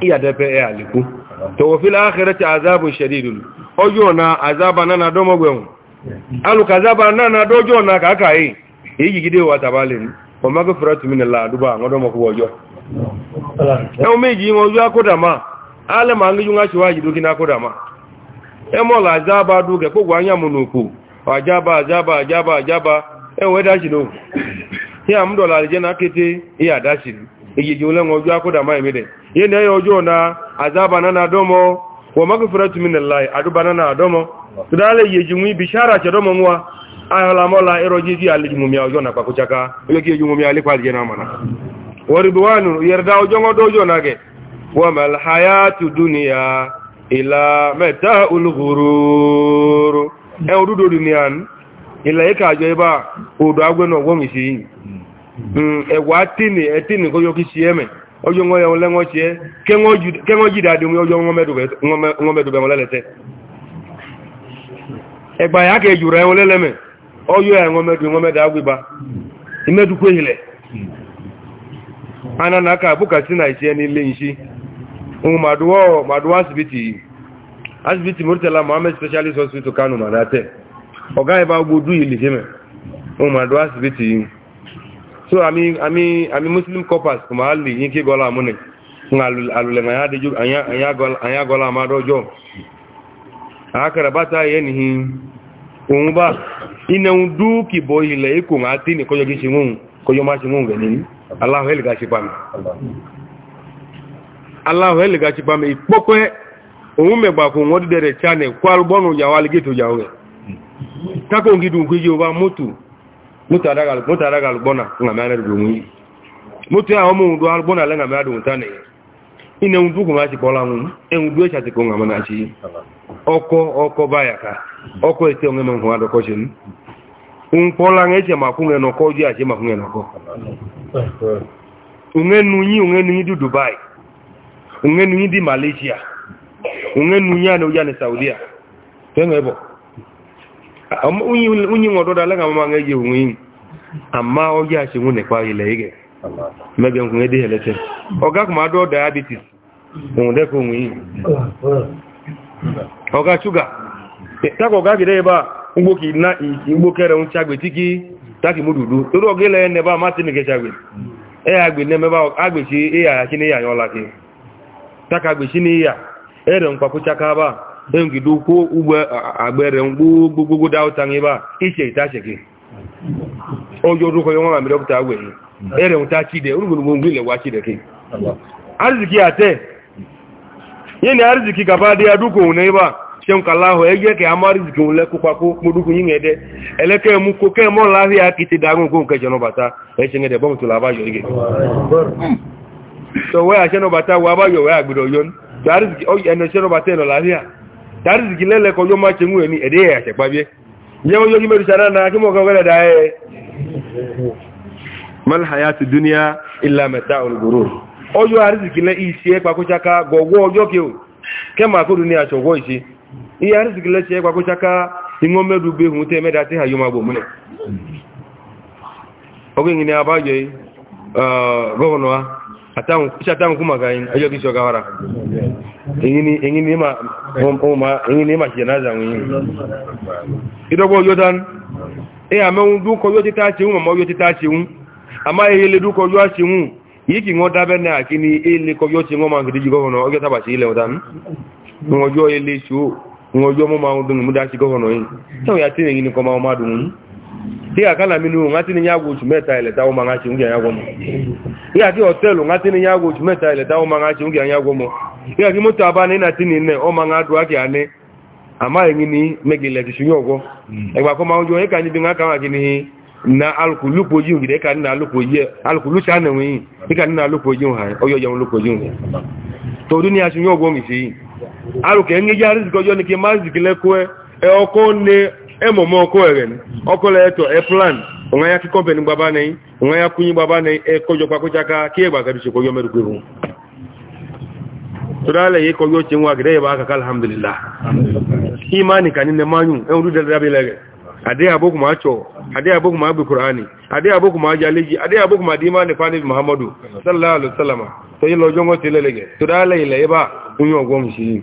iya dafe ya aliku to wa fil akhirati azabun shadidun ojo na azaba na do mogwen alu kazaba nana dojo na kaka yi yi gide wa tabale ni o magfiratu min allah duba ngodo mo ko ojo e o meji ngojo akoda ma ale ma ngi junga chiwa jidu kina akoda ma e mo la azaba du ke pogwa anya munuku ajaba ajaba ajaba ajaba e we da chido ya mdola aljanna kete Iya da chido ejeje ole ngojo akoda ma emede yin yayi ojo na azaba na na domo wa magfiratu min Allah aduba na na domo tudale yeji mu bishara che domo mwa ayala mola eroji ji ali mu mi ojo na pakuchaka yo ki mu mi ali kwa jena mana wa ridwanu dojo na ge wa mal hayatu dunya ila mata'ul ghurur e odudo ila ika ajo iba na ogwo si ẹwà hmm, e tíni ẹtíni e kó yọ kí sí ẹmẹ̀ ojo ngo yon lengo che ke ngo ke ngo jida dum ojo ngo medu be ngo medu be ngo lelete e gba ya ke jure ngo leleme ojo e ngo medu ngo medu agwiba imedu ko ile ana na ka buka ti na ise ni le nshi un maduwa maduwa asibiti asibiti murtala mohammed specialist hospital kanu manate oga e ba gudu ile jeme un maduwa asibiti so ami ami ami muslim coppers kuma ali yin ki gola mu ne ngalu alule ma yadi ju anya anya gola anya gola ma dojo akara bata yenihi umba ina unduki boile iko ngati ni koyo gishi mun koyo ma shi mun gani allah heli gashi pam allah heli gashi pam ipokwe oume gba ko ngodi dere chane kwal bonu jawali gitu jawe tako ngidu ngijo ba mutu mutu adagal mutu adagal bona nga mana du mu mutu ya omu du al bona lenga mana du tane ine undu ko machi kola mu e undu echa te ọkọ nga ọkọ bayaka ete ngeche ji nunyi dubai nunyi dị malaysia nunyi na saudia unyi nwe ọdụdụ ala ga ama ma eji onwe iyi ama oge achi nwunye kwa ile ige mege nkwenye dị helete ọgakụ ma dụọ diabetes onwedeka onwe iyi ọga chuga e, taka ọga gide ebe a ugboki na igbokere nchagbe tiki taki mududu torí ọgá ilẹ̀ ẹni ẹba máa tí ní kẹsàgbè ẹ e agbè ní ẹmẹba agbèsí ìyà àti ní e ìyà yọ́la kí taka agbèsí ní ìyà ẹ̀rẹ̀ ń pàkúchaka báà engidu ko ugbo agbere mgbugbogbo dauta n'ebe iche ita cheke ojo orúkọ yọ wọn àmì dọ́kítà agwẹ̀ yìí chide ń ta chide orúgbùngbùn chide kí arziki àtẹ́ yìí ni arziki gaba dé adúkò òun n'ebe ṣeun kàláhọ̀ ẹgbẹ́ kẹ àmọ́ arziki òun lẹ́kọ́pakó mọ́dúkù yìí ẹ̀dẹ́ ẹlẹ́kẹ́ mú kó kẹ́ mọ́ láàrín tari zigi lele ko yoma che ngwe ni ede ya che kwabie nyewo yogi meru chana na kimo ko gele dae mal hayatu dunya illa mata'ul ghurur oyo oh, arziki le isi pa eh, ko chaka gogo ojo ke o ke ma ko dunya cho go isi i arziki le che pa ko chaka ingo medu be hun te meda te hayoma bo mune ogo ngini abaje uh eh, gogono ah. atan chatan kuma gain ayo ki cho gawara engini ma ma engini ma janaza wi idogo yodan e ame du ko yoti ta chi mo yoti ta chi un ama e le du ko yo chi un yiki ngo akini ko yoti ngo ma ngidi jigo no oge taba chi ile odan ngo yo ile chu ngo yo mo ma ndu mu da chi go no yi so ya ti engini ko ma ma du ihe aka na mmiri nwu ngatị nye agwa ochu meta eleta ụma ngachi nwunye anya gwọ m ihe akị họtelụ moto aba na ịnatị na nne ọma nga dụ akị anị amaghị gị n'ihi megile gị sunye ọgwọ hmm. egbe akọ manwụ onye ka anyị bi nwa aka nwa n'ihi na ka na e ọkụeghen ọkụletọ eplan onwe ya kịkọmpanị gbaba nai onwe ya kwunye gbaba nai ekojọkwa kụchaka ka ịgba gabichi koyo merukwewu ya ịkọghị oche nwa gịrị ya aka ka alhamdulillah imani ka nne manyu enwuru dedabilege adịghị abụghị ma achọ adịghị abụghị ma agbe kurani adịghị abụghị ma aja leji adịghị abụghị ma dị imani fanil muhammadu sallallahu alaihi yi ile ebe a onye ọgwọ m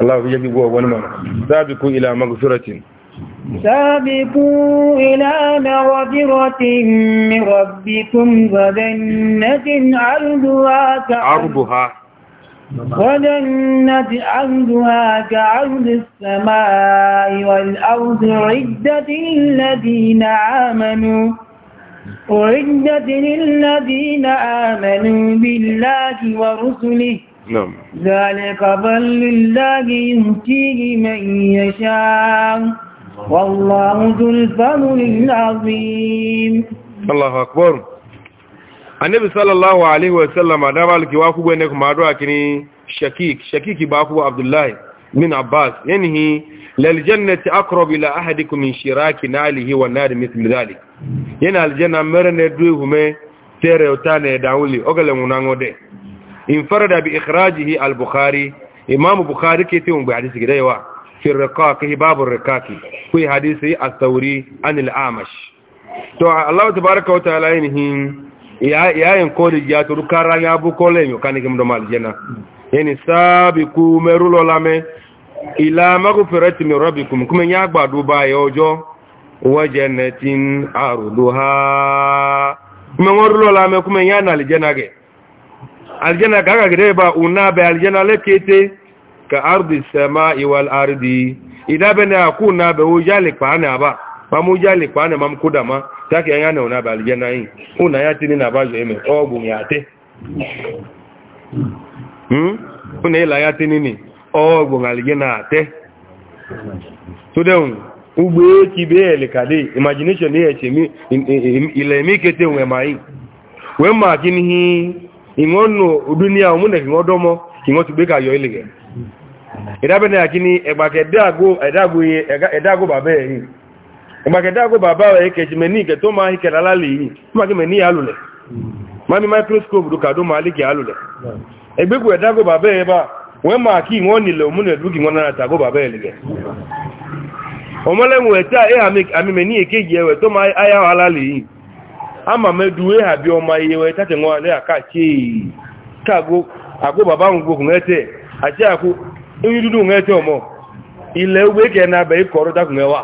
Allah ya ọgwọ ila سابقوا إلى مغفرة من ربكم وجنة عرضها عرضها وجنة عرضها كعرض السماء والأرض عدة للذين آمنوا أعدت للذين آمنوا بالله ورسله نعم ذلك فضل الله يؤتيه من يشاء والله ذو الفضل العظيم الله أكبر النبي صلى الله عليه وسلم أدام الكواكب وإنكم أدوكني شكيك شكيك باكو عبد الله من عباس ينهي للجنة أقرب إلى أحدكم من شراك ناله والنار مثل ذلك ينهي الجنة مرنة دوهما تيري وتاني داولي أغلى منانو دي انفرد بإخراجه البخاري إمام بخاري كتير بحديث كده يواه في الرقاق باب الرقاق في حديث الثوري عن الأعمش تو الله تبارك وتعالى ينهي يا ينقول يا تركارا يا ابو كولين وكانك مدوم الجنة يعني سابقوا مرولو لامي إلى مغفرة من ربكم كما يغبادوا باي أوجو وجنة عرضها كما مرولو لامي كما يانا الجنة الجنة كاكا كده با أنا بالجنة لكيتي ka ardi sama iwal ardi ida bene akuna be o jale pane aba ma mu jale pane ma mkuda ma take yanga na una balije na yin una ya tini na bajo eme ogun ya te hmm una ila ya tini ni ogun alije na te to deun ugbe ti be ele kade imagination ni eche mi ile mi kete unwe mai we ma kini hi ingonu dunia umune kingodomo kingotu beka yo ile ìdábẹ̀lẹ̀ àkíní ẹgbàkẹ̀dágó bàbá ẹ̀yìn ìgbàkẹ̀dágó bàbá ẹ̀ kẹjìmẹ̀ ní ìkẹ̀ tó máa ìkẹ̀ lálálẹ̀ yìí tó máa kẹmẹ̀ ní ma mami microscope dùkàdó máa lè kẹ àlùlẹ̀ ẹgbẹ́kù ẹ̀dágó bàbá ẹ̀ bá wọ́n máa kí wọ́n nílẹ̀ òmúnẹ̀ dúkì wọn náà tàgó bàbá ẹ̀ lẹ̀ ọmọlẹ́wọ̀n ẹ̀tà ẹ̀ àmìmẹ̀ ní èkéjì ẹ̀wẹ̀ tó máa áyá alálẹ̀ yìí a máa mẹ́dú ẹ̀ àbí ọmọ ayẹwẹ̀ tàtẹ̀wọ̀n alẹ́ àkáàkì àgó bàbá ń gbókùn ẹ̀tẹ̀ àti àkó nri dúdú ń ẹjọ́ mọ́ ilẹ̀ ogbe kẹ na bẹ̀ ikọ̀ ọ̀rọ̀ ẹwà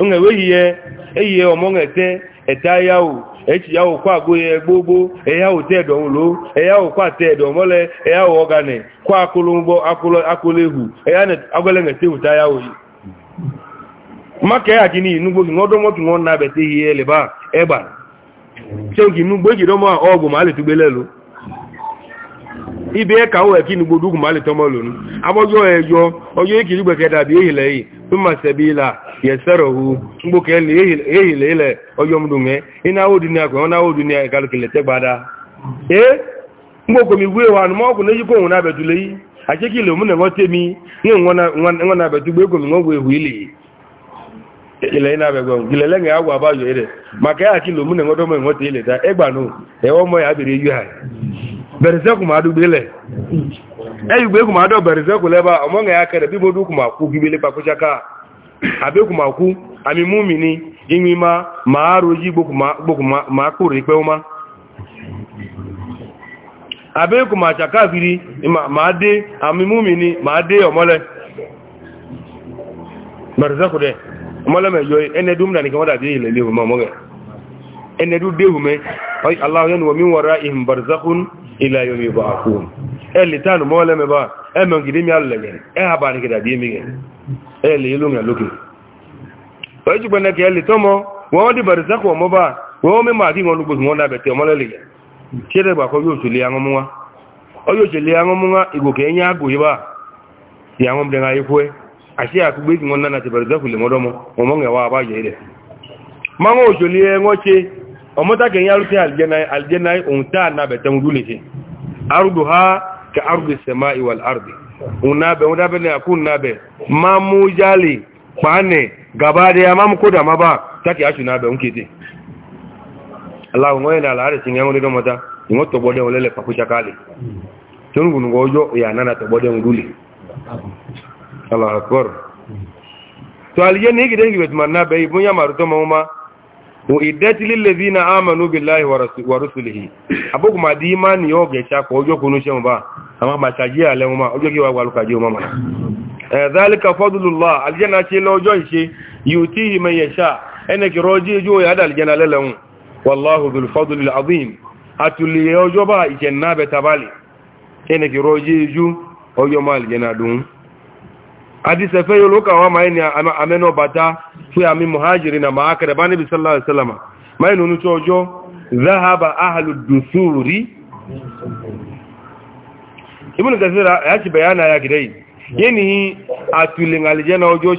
ń yìí e ọmọ ẹ̀tẹ́ ẹ̀tẹ́ ayáwò ẹ̀kìyàwó kọ́ àgbóyẹ gbogbo ẹ̀yàwó tẹ́ ẹ̀dọ̀ ńlò ẹ̀yàwó kọ́ àtẹ́ ẹ̀dọ̀ mọ́lẹ̀ ẹ̀yàwó ọ̀gànẹ̀ kọ́ ibe ka o eki nugbo dugu mali tomolun abojo ejo ojo ikiri e e, gbe keda bi ehile yi thumma sabila yasaruhu ngbo ke le ehile ile ojo mdunge ina odu ni akwa ona odu ni akal kile te gbada eh ngbo ko mi gwe wa nu mo ko na betule yi aje ki le mu ne wote mi ni ngona ngona gbe ko mi hu ile ile ina be ile le nge agwa ba yo ire maka ya ki le mu ne mo ile ta nu ya yu ha bẹ̀rẹ̀sẹ́kù máa dúgbé lẹ̀ ẹ̀yùgbé kù máa dọ̀ bẹ̀rẹ̀sẹ́kù lẹ́bà ọmọ́ngẹ̀ ya kẹrẹ̀ bí mo dúkù máa kú gbígbélé pàkóṣáká àbẹ́kù máa ma máa rojí gbókù máa kúrò ní pẹ́wọ́má àbẹ́kù máa ṣàkáàfiri máa dé àmì mú mi ní máa dé ọmọlẹ̀ bẹ̀rẹ̀sẹ́kù dẹ̀ ọmọlẹ̀ mẹ́jọ ẹnẹ́dúm ẹnẹ́dú déhùmẹ́ aláwọ̀ ila yomi ba akun eli tanu mo le me ba e mo ngidi mi alle gen e ha ba ni bi mi gen eli ilu nga o ju bana ke eli tomo wo di mo ba wo me ma ki ngolu bus mo na be te mo le le chere ba ko yo suli an mo wa o yo suli an mo wa ke nya ago ba ya mo de e akugbe ki ngona na te barzakh le mo do mo mo nge wa ba je ọmọta ke yaru ti aljanna aljanna unta na be tan dule ce arduha ka ardi samai wal ardi una be una be ne akun na be mamu jali pane gaba da ya mamu koda ma ba take ashu na be unke te Allah ngoye na alare sin yango do mata ngo to bode olele pa kucha kale ya nana to bode ngule Allah akbar to aljanna ni gidan gibet manna be maruto mama وإدت للذين آمنوا بالله ورسله أبوك ما ديما نيوغ يشاك وجو كونو شمبا أما ما شاجي عليهم ما أجو كيوا والك جيو ماما ذلك فضل الله الجنة لو جوشي يؤتيه من يشاء أنك روجي جو هذا الجنة لهم والله ذو الفضل العظيم أتولي يوجو با إجنة بتبالي أنك روجي جو أجو مال جنة دون hadisa fe yolo ka wa mai ni ameno bata fi ami muhajiri na maakare bani bi sallallahu alaihi wasallam mai nunu chojo dhahaba ahlu dusuri ibn kathira ya ci bayana ya gidai yeni atulin aljana ojo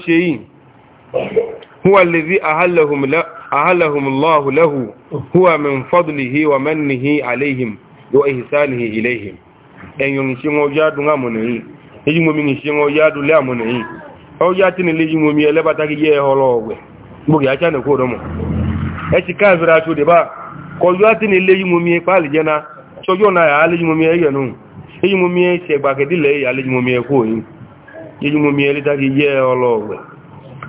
ejinwomi na isi nwa oyi adụli amụ na eyi oyi atịnile ejinwomi elebataghị ihe họrọ ọgwụ gbogị acha na kworo mụ echi ka vere achụ dịba ka oyi atịnile ejinwomi kpali e je na chọjọ na ya ala ejinwomi eye nụ ejinwomi eche gbagedile ya ala ejinwomi ekwu oyi ejinwomi eletaghị ihe họrọ ọgwụ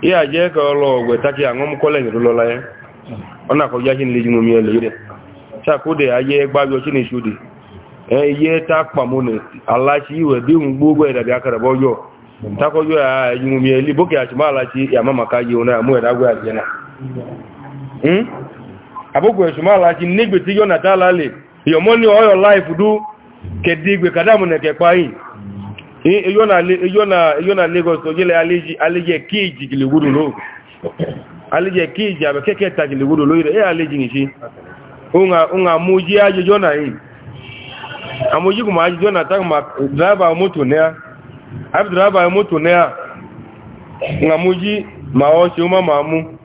ya je ka ọrụ ọgwụ taki aṅụ mkọla enyere lọla ya ọ na-akọji achịnile ejinwomi ele ire chakụ de ya je gbagọ chi na isi ụdị ẹyẹ ta pàmò nù aláṣí ìwẹ̀ bí n gbogbo ẹ̀dàbí akẹrẹ̀bọ́ yọ takọjọ́ ẹ̀yìn omi ẹ̀lì bókè àṣìmọ́ aláṣí ìyàmọ́màká yìí ọ̀nà àmú ẹ̀dàgbé àjẹ́nà hmm? àbókò ẹ̀ṣùmọ́ aláṣí nígbè tí yọ́nà tààlà lè yọ̀mọ́ ní ọyọ̀ láìfù dú kẹdígbè kàdámù nẹ̀ kẹpa yìí yọ́nà lagos amoji kuma aji jona ta kuma driver moto ne abi driver moto ne nga moji ma o se ma ma mu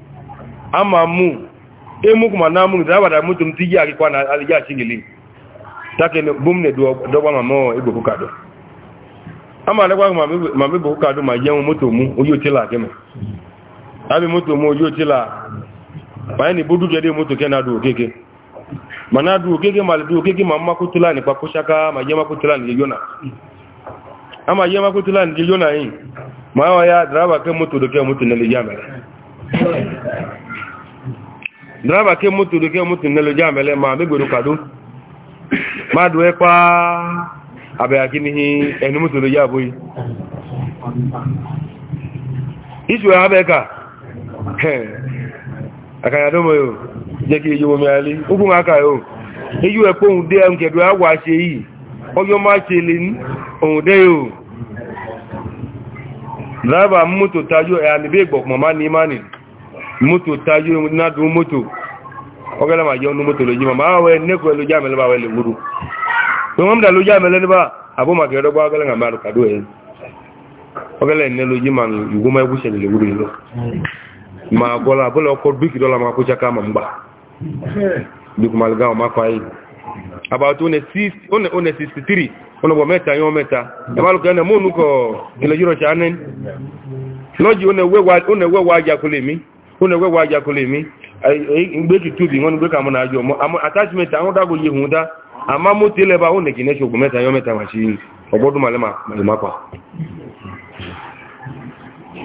ama mu e mu kuma na mu driver da moto mtiji ya kwa na alija shingili take ne bum ne do do ba ma mo e gbo ka do ama le kwa ma mi ma mi gbo ka do mu moto mu oyo ti la keme abi moto mu oyo ti la ba ni bodu je moto ke na do keke mana du keke mal du keke mamma kutula ni pako shaka ma yema kutula ni yona ama yema kutula ni yona yin ma ya draba ke mutu do ke mutu ne jamele draba ke mutu do ke mutu ne jamele ma be gberu kadu ma du e pa abe akini enu mutu do yabo yi isu abeka he akaya do moyo jẹ́kí eyi omi ogun aka yóò eyi ẹ̀pọ̀ òun dé ẹ̀hùn kẹ̀dọ̀ àwọ̀ àṣẹ yìí ọjọ́ máa ṣe lè ní òun dé yóò lábà mọ́tò tajú ẹ̀ àníbí ìgbọ̀pọ̀ máa ní mánì mọ́tò tajú nádùn mọ́tò ọgẹ́lẹ́ máa jẹ́ ọ́nú mọ́tò lójú màmá wẹ́ nẹ́kọ̀ọ́ lójú àmẹ́lẹ́ bá wẹ́ ẹ̀ ẹgbúṣẹ̀lẹ̀ lè ma gola bula ko biki dola ma kucha kama mba biku malgao mafai about one six one one six three ono bo meta yo meta e mm. malu kana munu ko ile juro chanen loji one wewa one wewa ja kulimi one wewa ja kulimi ngbe ki tubi won ngbe kama na ajo mo attachment awon dago ye hun da ama mu tele ba one kine shogun meta yo meta ma shi ogbodun malema malema pa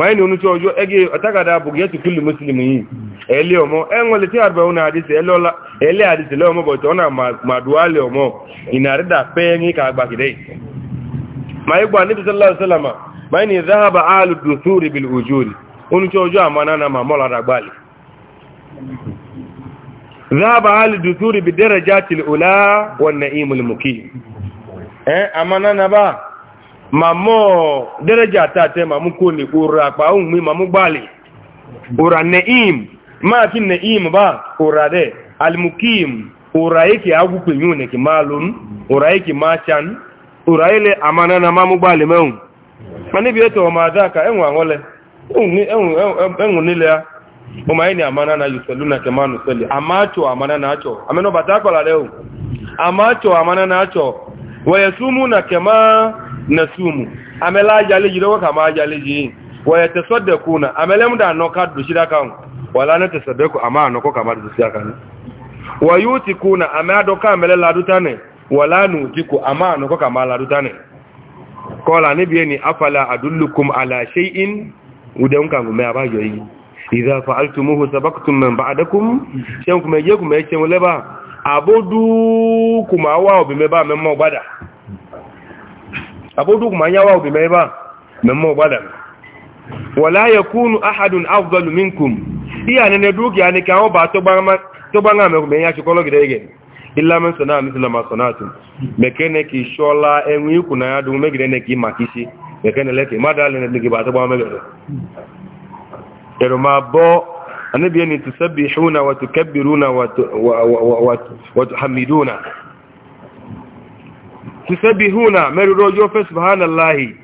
mayi ni onuti ojo ege otakada bugiyatu kulli muslimin ele omo enwele ti arba una hadisi ele ola ele hadisi le omo but ona maduale omo inarida pe ni ka gba kide mayi gba nabi sallallahu alaihi wasallam mayi ni dhahaba ahlu dusuri bil ujuri onuti ojo amana na ma mola ragbali dhahaba ahlu dusuri bi darajati mamọ dẹrẹjà tàtẹ mamu kó lè kóra àpá ohun mi mamu gbàlè òrà na'im máa kí na'im bá òrà dẹ alimukim òrà yake agúpe yóò nẹ̀kì máa lónú òrà yake máa chan òrà ilẹ̀ àmànánà mamu gbàlè mẹ́un ma níbi ètò ọmọ àdáka ẹ̀wọ̀n àwọlẹ̀ ẹ̀wọ̀n nílẹ̀ ya o ma yìí ni àmànánà yùsọ̀lú na kẹ máa nùsọ̀lẹ̀ àmàchọ̀ àmànánà àchọ̀ àmẹ́nà bàtà kọ̀lá dẹ́ o àmàchọ̀ àmànánà àchọ̀ wọ̀yẹ̀ súnmù na kẹ nasumu amela jaleji do ka ma jaleji wa yatasaddaquna amela muda no ka do shida kan wala na tasaddaqu ama no ko kamar do shida kan wa yutikuna ama do ka amela ladu wala nutiku ama no ko kamar ladu tane kola ne biye afala adullukum ala shay'in udan kan gume abajo yi idza fa'altumuhu sabaqtum man ba'dakum shan kuma je kuma yace wala ba abodu kuma wa obi me ba me mo gbada abodu kuma yawa obi mai ba memo gbada wala yakunu ahadun afdalu minkum iya ne ne dukiya ne ka ba to ba ma to ba ngame me ya chikolo gide ge illa man sana misla ma sanatu mekene ki shola enwi kuna ya du megide ne ki makishi mekene leke madale ne ki ba to ba megide ero ma bo anabi tusabbihuna wa tukabbiruna wa wa wa wa tuhamiduna تسبحون مرجو فسبحان الله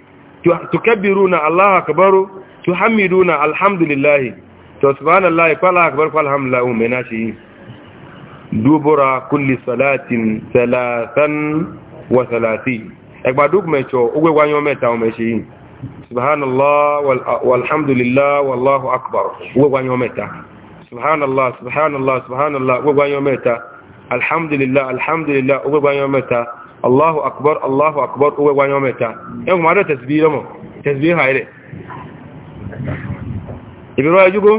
تكبرون الله أكبر تحمدون الحمد لله سبحان الله قال أكبر قال الحمد لله مناشي دبر كل صلاة ثلاثا وثلاثين أكبر دوك ميشو أقوى وانيو ميتا وميشي سبحان الله والحمد لله والله أكبر أقوى وانيو ميتا سبحان الله سبحان الله سبحان الله أقوى وانيو ميتا الحمد لله الحمد لله أقوى وانيو ميتا allahu akbar allahu akbar uwe wa nyome ta e ma do tasbih mo tasbih haire ibiro ajugo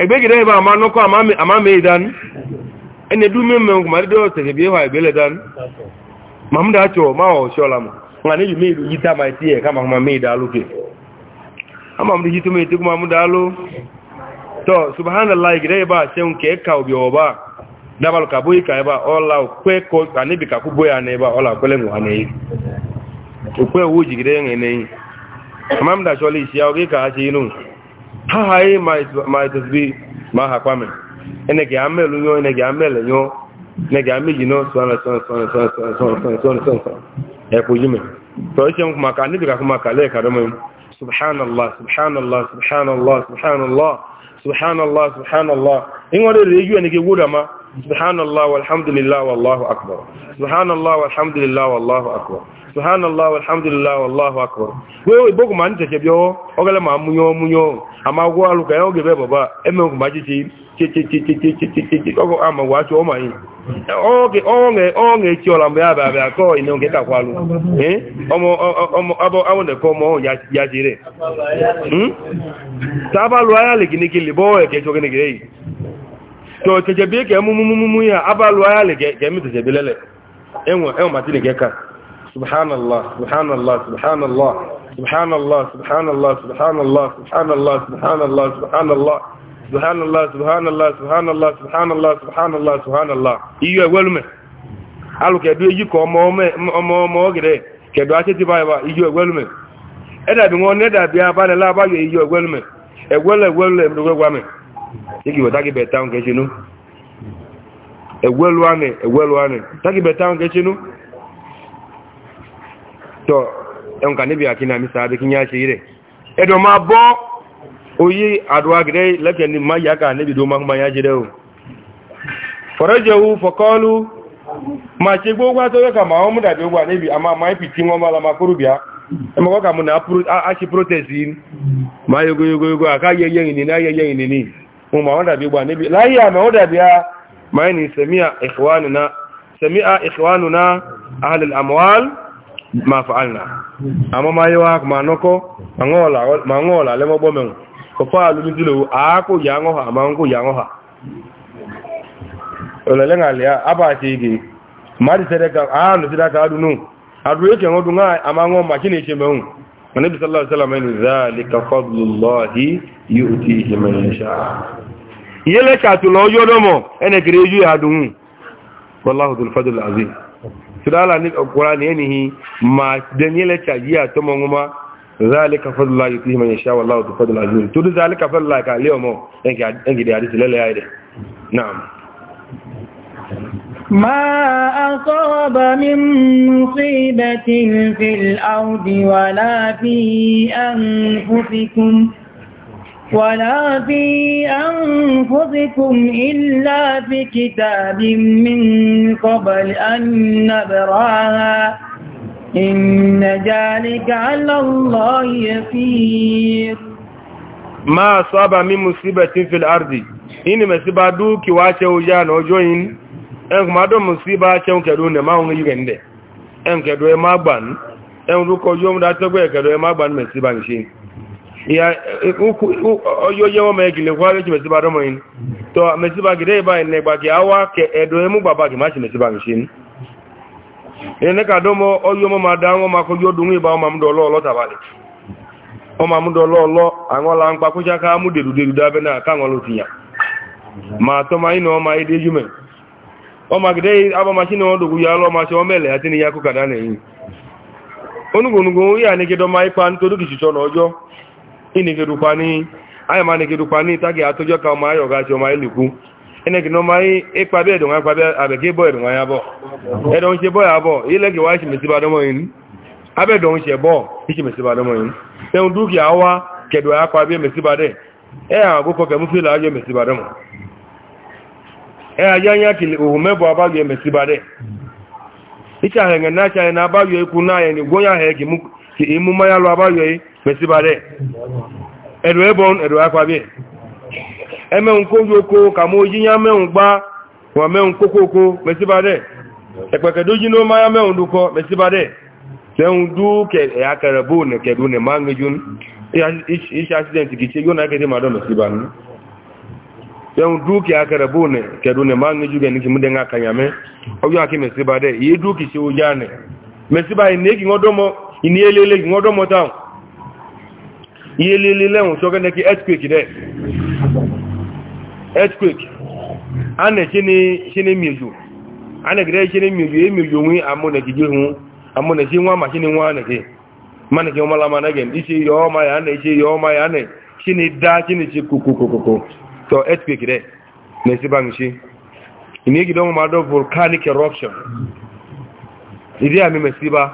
egbe gide ba ma nko amami amami dan ene du me me ma do tasbih wa ibele dan mamda acho ma o shola mo ngani yu me du yita ma tie kama ma me da luke ama mdu yitu me tu ma mu da lu to subhanallah gide ba se un ke ka obi oba dabalụ ka bụghị ka ebe ọla okwe ka anibi ka kwụbo ya n'ebe ọla kwele nwa n'eyi okwe owu jigide enwe n'eyi ama m dachọla isi ya oge ka ha chi ilu ha haghị ma ma ha kwame ene ga amelu yo ene ga amele yo ene ga amiji no so na so so so so so so so so so ise ka anibi ka kuma ka ka subhanallah subhanallah subhanallah subhanallah subhanallah subhanallah subhanallah walhamdulillah wallahu akbar subhanallah walhamdulillah wallahu akbar subhanallah walhamdulillah wallahu akbar wewe ibogo man teke bio ogale ma munyo munyo ama gwo aluka yo gebe baba eme ko majiji ti ti ti ti ti oge ino e to chechebi ka emụmụmụmụ ya abalu abalụ agha ga-eme chechebelele enwe matini gị ka subhanallah subhanallah subhanallah subhanallah subhanallah subhanallah subhanallah subhanallah subhanallah subhanallah subhanallah subhanallah subhanallah subhanallah subhanallah iyo egwelume alụkedu eji ka ọmọọmọ ogere kedu achịtị baba iyo egwelume edabi nwa ọ na-edabi abalịla abaghị iyo egwelume egwele egwele mdogwe gwame yake wọ taki bai tawon kashe nu egweluwa ne egweluwa ne taki bai tawon kashe to yan ka nibi akina misa edo ma bo oyi aduwa gire ni ma ya o ma ṣe gbogbo atọ́wẹ́ ka ma ọmọ dàbí ogbà ama a ma ma yogo tí aka ma la ma ka na a ṣe protest mu ma wanda bi gba ne bi lahiya ma wanda biya ma ni sami'a ikhwanuna sami'a ikhwanuna ahli al-amwal ma fa'alna amma ma yawa ma noko mangola mangola le mo bomen ko fa lu mitilo a ko ya ngo ha ma ngo ya ngo ha ola le ngale aba ti gi ma di sere ka a lu sida ka dunu adu yake ngodu nga ama ngo ma kini che meun nabi sallallahu alaihi wasallam ni zalika fadlullahi yu'tihi man yasha yele katula ojo domo ene kire ju ya dun wallahu dhul fadl azim sudala ni qur'an yenihi ma den yele cha ya to mo nguma zalika fadlullah yutihi man yasha wallahu dhul fadl azim tudu zalika fadlullah ما أصاب من مصيبة في الأرض ولا في أنفسكم ولا في أنفسكم إلا في كتاب من قبل أن نبراها إن ذلك على الله يسير ما أصاب من مصيبة في الأرض إن مصيبة دوك واشو جان وجوين ẹn kò máa dọ̀ mùsíbà ṣẹun kẹ̀dọ̀ ní máa ń yíkẹ̀ ǹdẹ̀ ẹn kẹ̀dọ̀ ẹ máa gbà ní ẹn rúkọ yóò mú dátẹ́gbẹ̀ kẹ̀dọ̀ ẹ máa gbà ní mẹ̀síbà ní ṣe ya oyo ye me gile kwa ge mesiba do moyin to mesiba gide ba ne gba ki awa ke edo emu baba ma si mesiba mi shin ene ka do mo oyo mo ma da won ma ko yo dun iba o ma mu do lo lo tabale o ma mu do lo lo la ka mu dedu dedu da be na ka won ma to ma ino ma ide jume o ma gide aba ma ma o mele ati ni ya ku kada ne yin onugo ya ke do ma ipa ntodu ki na ojo inegedukwa ni anyị ma negedukwa ni tagi atojo ka ma ayo ga jo ma eliku ene gino ma yi ipa be do nga pa be abege boy do nga ya bo e do ile gi wa shi mi siba do mo yin abe do nse bo shi mi siba do awa kedo ya pa be mi siba de e a go ko ke mu fi la ayo mi siba do mo e a yanya kili o me bo aba yo mi siba de icha he nga na cha na na ye ni go ya he ki ti imu ya lo abayo yi mesi bare edo ebon edo akwa bi eme nko ko ka mo yinya meun gba wa meun kokoko mesi bare epeke doji no maya meun duko mesi du ke e bu ne ke du ne mangejun ish accident ki che ke du ke bu ne ke du ne ge ni ki mude nga kanyame oyo akime mesi bare yi e du ki ini elele gị nwodo mọta ahụ ihe ke earthquake de earthquake a na-echene mmeju a na-egide echene mmeju emeju onwe amụnaeji nwa ma chine nwa anaghị mana ke mala mana gem ma ihe ya na-eche ihe ọma ya na chine daa chineche kokokokoko to earthquake na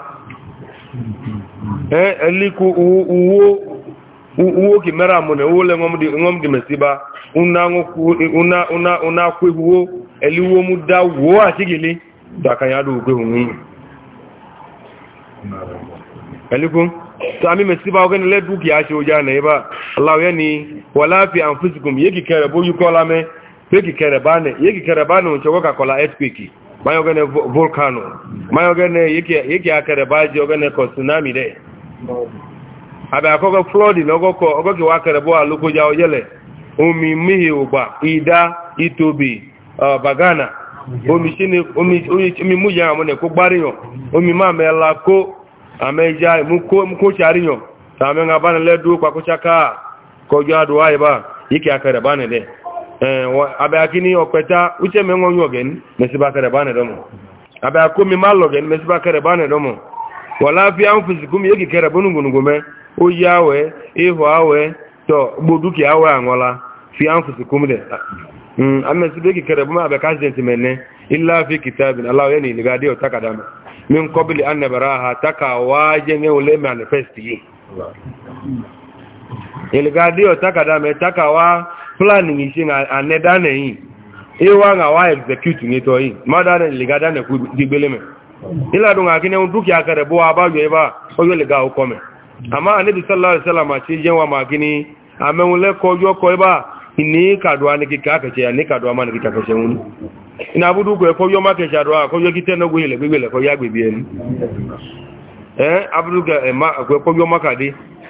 Eh, eliku uwo kimera amune wole ngomdi mesiba una kwehuwo eliwo muda wo asigili dakanyadu ukwehunyi eliku sami mesiba ogeni le dukiya ṣe oja na iba allahu yani wala fi anfusikum yeki kere bo yukola me yeki kere bane yeki kere bane earthquake mayo gane volcano mayo gane yake yake akare baji ogane ko tsunami de abe akogo flood logo ko ogogi wa akare bo alugo jawo omi mihi ugba ida itobi uh, bagana omi shine omi omi ko gbariyan omi ma mela ko ameja ta yake abịa akị n'ihe uche me ogen mesiba kereba nedomo abịa akụ mi ma lọgen mesiba bane nedomo wala fi an fusikum yegi kereba oyi awe ihu awe to gboduki awe anwala fi an de hmm, mene illa fi kitabin allah yani ni gadi otakada me min qabli an nabaraha takawa yi ilgadi planning ise nga a na yin ewa nga wa execute ni yi yin mada na nwa me ila do nga un bo aba yo eba o liga o kome ama anabi sallallahu alaihi wasallam je wa ma kini le ko yo ko eba ini kadwa ma ni kika ka che un ina budu ko ko yo ma ke cha do ko yo kite no ya gbe bi eh abdu ga eh, ma ko yo ma ka di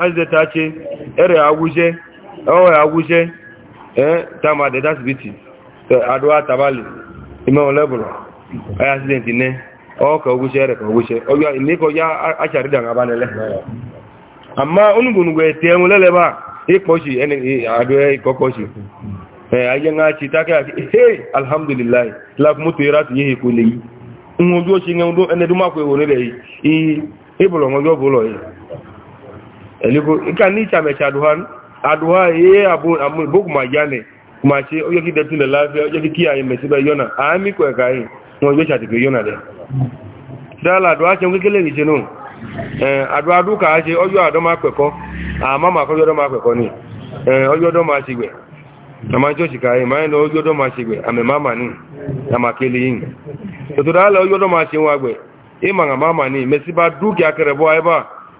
azeta ce ere agwuje ọwọ́ agwuje eh tama de that's beauty e, adwa tabali ime ay accident ne o ka ogwuje ere ka ogwuje oyo ile ko ya achari da ngabanele amma onugun gwe te mulele ba ipochi ene adwa ikokochi e, eh aye nga chi taka hey alhamdulillah la kumutu iratu yehi kulei nwojo chi nwodo ene duma ko yi yi eligo ika ni chame cha aduhan aduha ye abu amu boku majane kumache oye ki detu le lafi oye ki kia imesiba yona ami kai no oye cha tiko de dala aduha che ngikele ni chenu eh aduha du ka che oyo adoma kweko ama ma ko yodoma kweko ni eh oyo doma sigwe ama jo chikai ma no oyo doma sigwe ame mama ni ama kele yin imanga mama ni mesiba akerebo aiba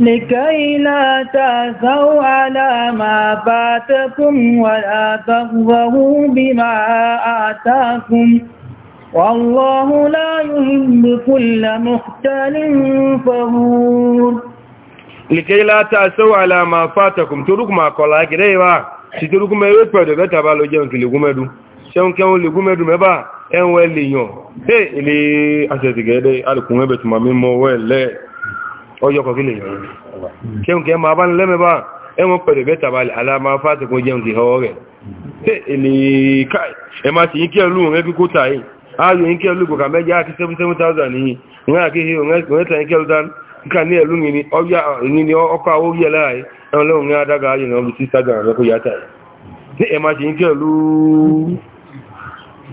لكي لا تأسوا على ما فاتكم ولا تفضهوا بما آتاكم والله لا يحب كل مختال فخور لكي لا تأسوا على ما فاتكم تركم أقول لك ريبا تركم يوتفا دبتا بالو جنك لغمدو ṣeun kẹun lè gúnmẹ́dù mẹ́bà ẹ̀wọ̀n lè yàn ọjọ́ kọ̀kí lè yìí ṣeun kẹ máa bá ní lẹ́mẹ́bá ẹwọ́n pẹ̀lú bẹ́ta bá aláàmà fásitìkún jẹun ti ọwọ́ rẹ̀ tẹ́ tàí ààyò yín kí ẹlú kọ̀kà mẹ́jẹ́ ka 77,000 nìyí ìrìn àkíhì òǹrẹ́ta yín kí ẹlú ní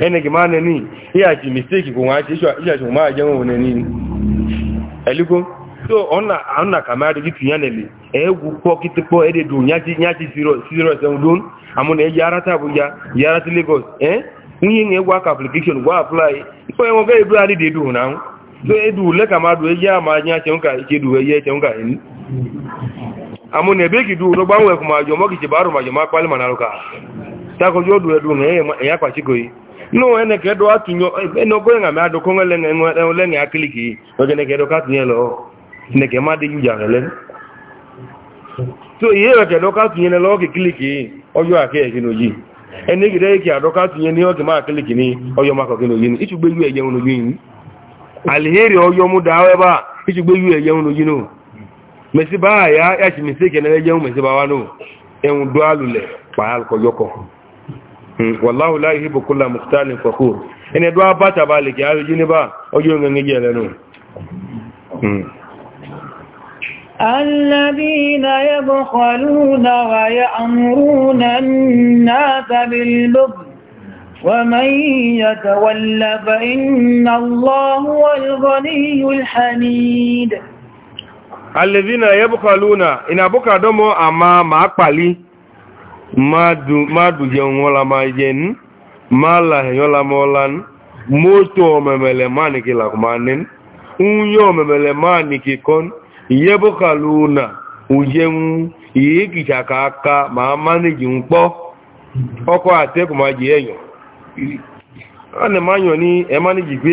ẹni kì máa nẹni ìyàjì mistake kò wọ́n á ti ìṣàṣì wọ́n máa jẹun òun ẹni ẹ̀lúgbó tó ọ̀nà kàmáàrí kí tìyàn nẹ̀lẹ̀ ẹ̀ẹ́gù pọ́ kí ti pọ́ ẹ̀dẹ̀dù yájí zero seven don àmúnà ẹ̀yà ara tàbí ya yàrá application wọ́n apply ìpọ̀ ẹ̀wọ̀n fẹ́ ìdúrà ní ìdèdù náà tó ẹ̀dù lẹ́kàmáàdù ẹ̀yà máa yá ṣẹ̀ǹkà ìṣèdù ẹ̀yẹ ṣẹ̀ǹkà ẹ̀ní àmúnà ẹ̀bẹ́ kìdú lọ́gbàwọ̀ ẹ̀kùnmájọ mọ́kìṣẹ̀bárùn-májọ má pálí mànàlùkà tákọjọ́ ọdún ẹ̀dùn ẹ̀yà pàṣíkò yìí n'onwe ne ka edo atụnye eh, n'ogo nga me adụkọ nwe ole nga akili ka lọ chineke ma adịghị so ihe ka edo ka tụnye lọ oge kili gị ọjọ aka ege n'oyi ene gide ike adọka tụnye n'ihe oge ma akili gị n'ọjọ mụ daa ebe a ichugbe gbe eye nwụrụ oyi n'o baa ya ya chi mesi ekene eye nwụ mesi bawa n'o enwu wallahu la yuhibbu kulla mukhtalin fakhur ene do abata bale ayo jini ba ojo ngi jele no الذين يبخلون ويأمرون الناس بالبخل ومن يتول فإن الله هو الغني الحميد الذين يبخلون إن بكى دمو أما ما أقبلي madu madu jẹun wọ́la ma jẹun máa làhẹ̀yọ́la máa lánú mọ́tò ọmọmẹ̀lẹ̀ máa ní kí làkùnmá ní ń yọ ọmọmẹ̀lẹ̀ máa ní kí ma ìyẹ́bọ́kàlù nà òjẹun ìyí kìsàkà aka máa mánìjì ń iji ọkọ̀ àtẹ́kù máa jẹ ẹ̀yàn a nà máa yàn ní ẹ mánìjì pé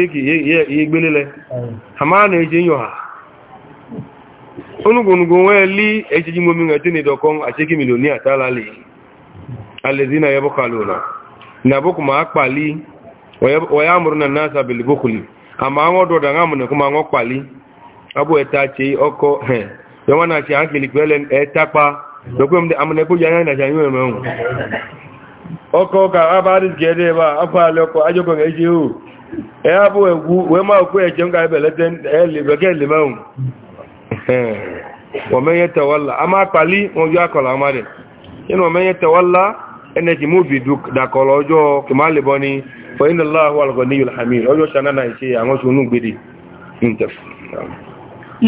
alladhina yabqaluna na boku ma akpali wa yamuruna an-nasa bil bukhli ama anwo da ngamune kuma anwo kpali abu eta che oko he yo wana che akili kwelen etapa dokum de amune ko yana na janyu me un oko ka ba e abu e ẹnẹ́jì múbi dàkọ̀lọ̀ ọjọ́ kìmáàlìbọ́ ni fọ́yín aláwọ̀ alùgbọ̀n ní yóò hàmì ọjọ́ ṣanáà ìṣe àwọn ṣunú gbèdè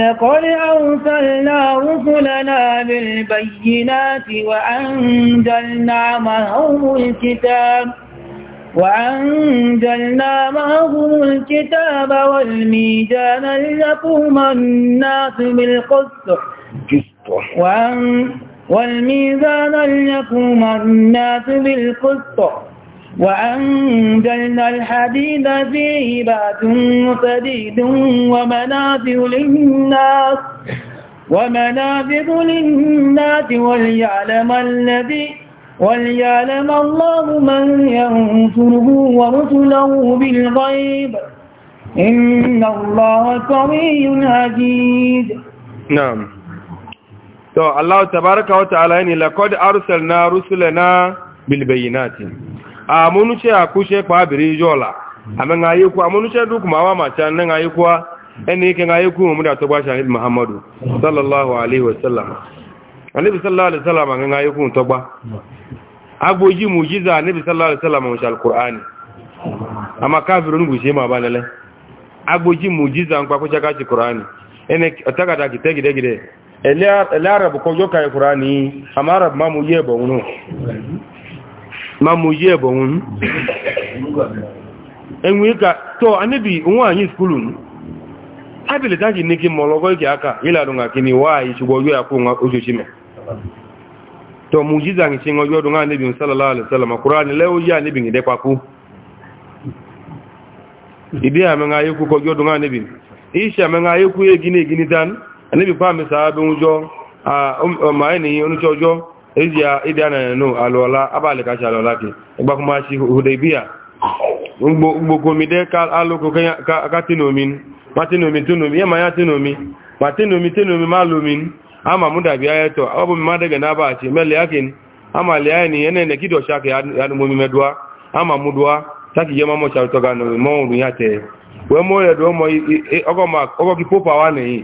لقد أرسلنا رسلنا بالبينات وأنزلنا معهم الكتاب وأنزلنا معهم الكتاب والميزان ليقوم الناس بالقسط وأن... والميزان ليقوم الناس بالقسط وأنزلنا الحديد فيه بات شديد ومنافع للناس ومنافع للناس وليعلم الذي وليعلم الله من ينصره ورسله بالغيب إن الله قوي عزيز نعم to so, Allah tabaraka wa ta'ala ni laqad arsalna rusulana bil bayinati amunu che akushe kwa birijola amenga yiku amunu che duk mawa macha nanga yiku eni ke nga yiku mu da toba shahid muhammadu sallallahu alaihi wa sallam anabi sallallahu alaihi wa sallam nga yiku toba agboji mujiza anabi sallallahu alaihi wa sallam wa alqur'ani ama kafirun gushe ma balale agboji mujiza nkwa ko chaka ci qur'ani ene takata gide gide gide elarabu kojo kai qur'ani amara mamu ye bonu mamu ye bonu ka to anibi nwa anyi skulu abile taji niki mologo aka ila dunga kini wa ishugo yo akunga ojochime to mujiza ngi chingo yo dunga anibi sallallahu alaihi wasallam níbi pa mi sàábí oúnjọ́ ọmọ ẹni oníṣẹ́ ọjọ́ èyí abalị ànàrẹ̀nù alọ́ọ̀lá abálẹ̀káṣẹ́ alọ́ọ̀lá kì ìgbàkùnmá sí Hudaybiyah gbogbomide alóko kátínómi mátínómi tínómi ya ma ya tínómi a máa mú dàbí ayẹ́tọ̀ ọbọ̀mí má dẹ̀gẹ̀ náà bá àti mẹ́lẹ̀ a máa lè áyẹ̀ a wà nìyí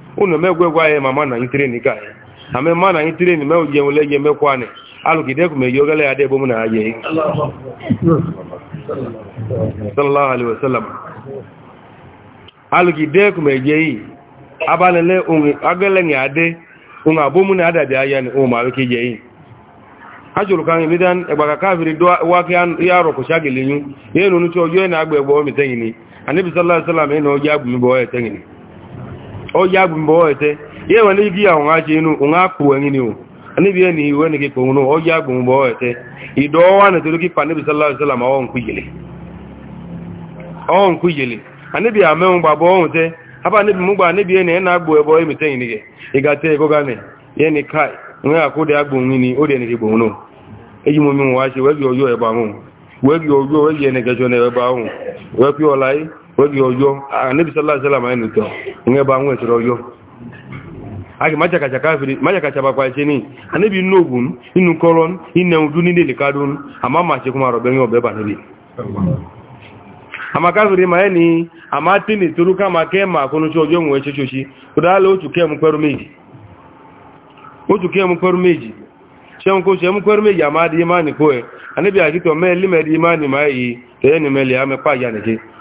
ụnụ megwegwa ya ma ma na nyitren ka ya na me ma na nyitren me oje nwele ye mekwa ne alụgide ku meji ogele ya debe m na aje sallallahu alaihi wasallam alụgide ku meje yi abalele agele ni ade un abu mu na adabi aya ni o ma alụke je yi ajụrụ ka anyị bidan egbaka kafiri waka ya rọkụcha gịlinyu ya enu nuche ojo ya na agba egbo ometegini anibi sallallahu alaihi wasallam ya na oje agbumi bụ oya tegini Ọ yi mgbe oete ihe nwere igi ya nwa ji enu nwa anibi eni ni kipo unu oya bụ mgbe oete ido wa na toro kipa nabi sallallahu alaihi wasallam awon kuyele anibi eni na agbo ebo emite yin nige igate ego gane ye ni kai nwa akude agbo nwi ni ode ni ọ. eji mo mi wa se we gi oyo wọ́n di ọjọ́ àníbi sọ́lá sẹ́lá máa ẹnu tọ́ ìyẹn bá wọ́n ẹ̀sẹ̀rẹ̀ ọjọ́ àti májàkàchà bàpá ẹ̀ṣẹ́ ní àníbi inú ogun inú kọ́rọ́ inú ẹ̀hùn dún nílé kádún àmá máa ṣe kún àrọ̀bẹ̀ yín ọ̀bẹ̀ bà níbi àmà káfìrí máa ẹni àmá tí ní torú ká máa kẹ́ẹ̀mà àkónúṣe ọjọ́ ìwọ̀n ẹ̀ṣẹ́ ṣoṣi tó dáa lé oṣù kẹ́ẹ̀mù pẹ́rú méjì ṣẹ́un kó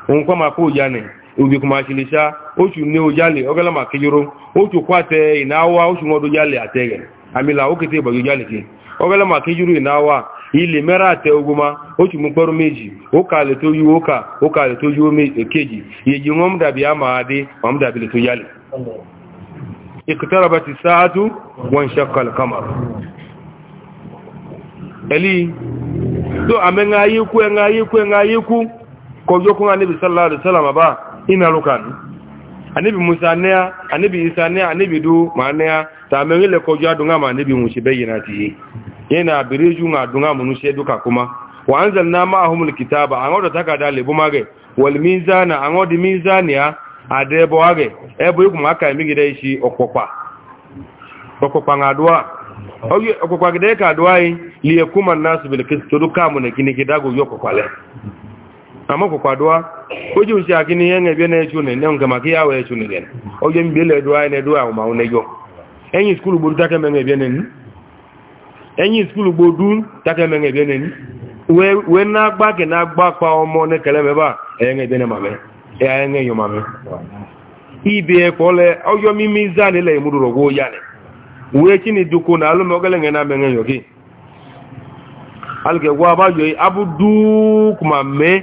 nkwa maka ojane ubikumachilicha ochu ne ojale ogala maka yoro ochu kwate ina awa ochu ngodo jale atege amila okete ki ogala maka ile ate oguma ochu mkporo meji oka le to yu oka oka le to yu keji yeji ngom bi ama ade ngom da bi le to jale اقتربت الساعة وانشق kojo kun annabi sallallahu alaihi wasallam ba ina lukan annabi musa ne annabi isa ne annabi du ma ne ta me le kojo adunga ma annabi mu shi bayyana ti yana biriju ma adunga mu shi duka kuma wa anzalna ma'ahum alkitaba an odo takada le bu mage wal mizana an odi mizania adebo age ebo iku maka mi gide shi okpopa okpopa ngadwa oyo okpopa gide ka adwa yi li yakuma nasu bil kis to duka mu ne kiniki dago yo amakwakwado oji uche aki na ihe na-ebi na-eche une ne nke maka ya wee chunere oge mgbe ele edu anyị na-edu ahụ ma unego enyi skulu gburu take me ngebie neni enyi skulu gburu take me ngebie neni wee na-agba ke na-agba kwa ọmọ ne kele mebe a enye ebene mame e ya enye yo mame ibe kwole oyo mimi zani le muduro go yale wee chini duko na alume ogele nge na menye yo ki alge gwa ba yo abudu kuma me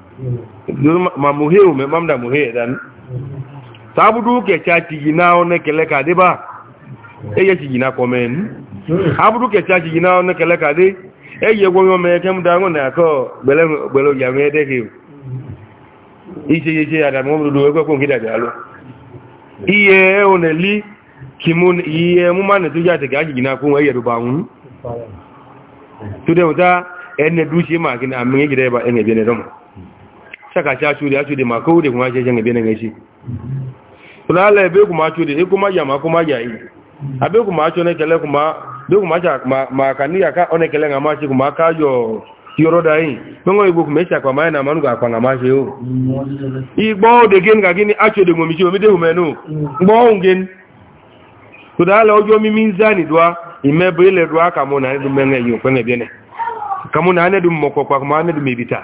ma muhiu me mamda muhiu dan sabudu ke cha tigina one kele ka de ba eye tigina komen abudu ke cha tigina one kele ka de eye gwo yo me kem da ngun na ko gbele gbele ya me de ke ise e ye ya da mo du ko ko ngida da lo iye oneli kimun iye mu mane tu ya te ga tigina ko eye do ba ngun tu de uta ene du shi ma kina amin gida ba ene bene do ma. saka cha chude ya chude de kuma che jenge bene ngeshi kulala ebe kuma chude e kuma ya makuma ya yi abe kuma cho ne kele kuma be kuma cha ma kania ka one kele ngama chi kuma ka yo yoro dai ngo igbo kuma cha kwa mai na manu ga kwa ngama che o igbo de gen ga gini achode ngomi chi omide humenu ngbo ungen kulala ojo mi minzani dwa imebe ile dwa kamona ndu menge yo kwenge bene kamona ne dum mokwa kwa kuma ne dum ibita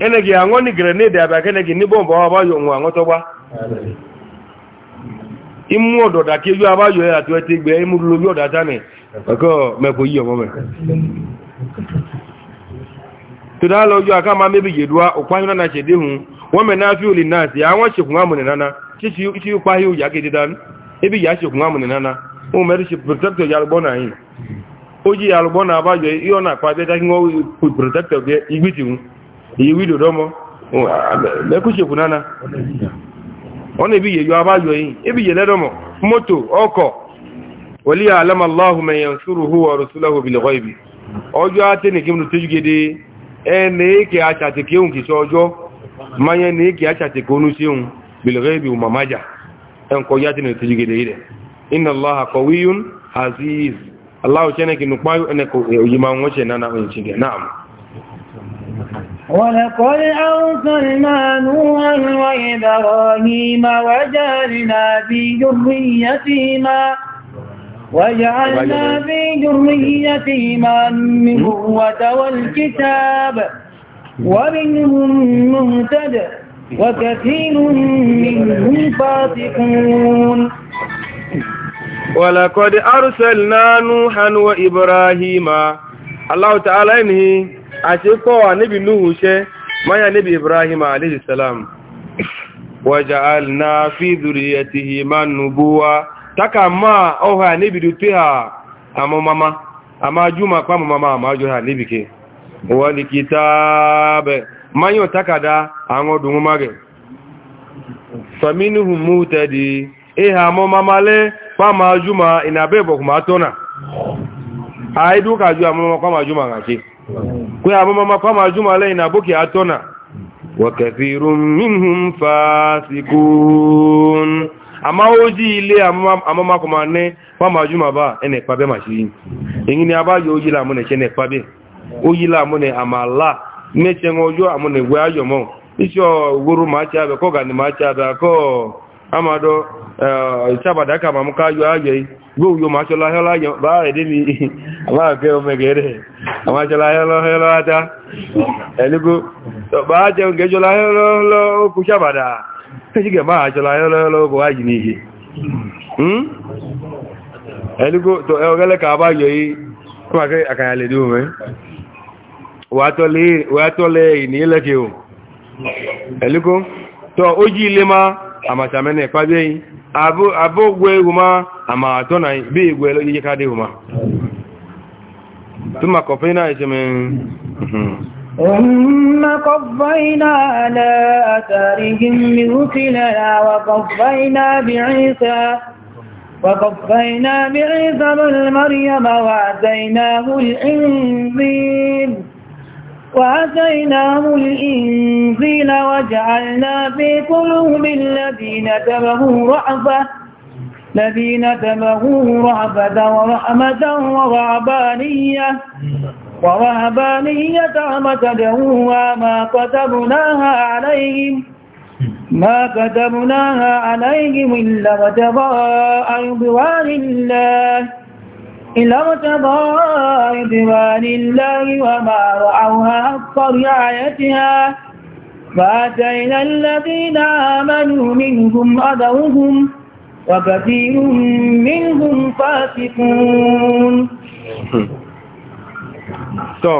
ene gị aṅụ ni grenade abịa kene gị n'igbo mbọ ọba yo nwa aṅụtọgba imu ọdọdà kí yóò abá yọ àti ẹtì gbẹ imu lórí ọdọ àtàní ọkọ mẹkọ yí ọmọ mẹ tó dá lọ aka àká máa mébì yèdúwá òpáyún náà na déhùn wọn na náà fi òlì náà sí àwọn ṣèkùn àmùnì nana títí ó páyé òyà kéde dánú ebi yà nwa àmùnì nana ụmụ mẹrin ṣe protector yàrá bọ́ oji ya na abajo ihe ọ na-akpa abịaja nwa protektọ gị igbitinwu iyi wido domo mekuchekwunana ọ na-ebigye yo abajo yi ebijele domo moto ọkọ waliya alama allahu man yansuruhu wa rasulahu bil ghaibi ojo ate ni e ke ke un manye ne Allah ce ne ki nukwayo ne ko yi ma wace na na wace ne na'am ولقد أرسلنا نوحا وإبراهيم وجعلنا في ذريتهما وجعلنا في ذريتهما النبوة والكتاب ومنهم مهتد وكثير منهم فاسقون ولقد أرسلنا نوحا وإبراهيم الله تعالى إنه أشيكوا نبي نوح ما نبي إبراهيم عليه السلام وجعلنا في ذريتهما النبوة taka ma oha nibi dupe ha amo mama ama juma kwa mama ama joha nibi kpama juma ina bai ba kuma tona a yi duka ju a mamma kwama juma a ce ku ya mamma kwama juma lai na buki a tona wa kafirun fasikun amma oji ile a mamma kuma ne kwama juma ba ina kwabe mashi yi ni a ba yi oji lamu ne ke ne kwabe oji lamu ne amala mece ojo amu ne gwe ayo mo iso guru ma ci abe ko gani ma ci abe ko amado ìtàbàdà kà máa mú káyọ ayọ̀ yìí gbóòwò yóò máa ṣọlá ọlọ́yọ̀ bá ẹ̀dẹ́ mi àmáàkẹ́ ọmọ ẹgẹ̀ẹ́rẹ̀ àwọn ṣọlá ọlọ́ta ẹ̀lúgbó bá jẹun gẹ́jọlá ọlọ́ọ̀kú ṣàbàdà tẹ́ṣígẹ̀ máa ṣọlá ọlọ́ọ̀kọ̀ wáyìí ní ìṣe ẹ̀lúgbó tó ẹ̀ọ̀gẹ́lẹ́ kà bá o. oji le ma. amachamene kpabi abụ ogwe egwu ma ama na bi igwe ije ka dịghị ma tuma kọfị na ثم قضينا على أثارهم لرسلنا وقضينا بعيسى وقضينا بعيسى بن مريم وآتيناه وآتيناه الإنزيل وجعلنا في قلوب الذين تبهوا رعفة الذين تبهوا رعفة ورحمة ورعبانية ورهبانية تدعوها ما كتبناها عليهم ما كتبناها عليهم إلا وتباء رضوان الله إلى ارتضاء رضوان الله وما رعوها حق رعايتها فأتينا الذين آمنوا منهم أذوهم وكثير منهم فاسقون tọ́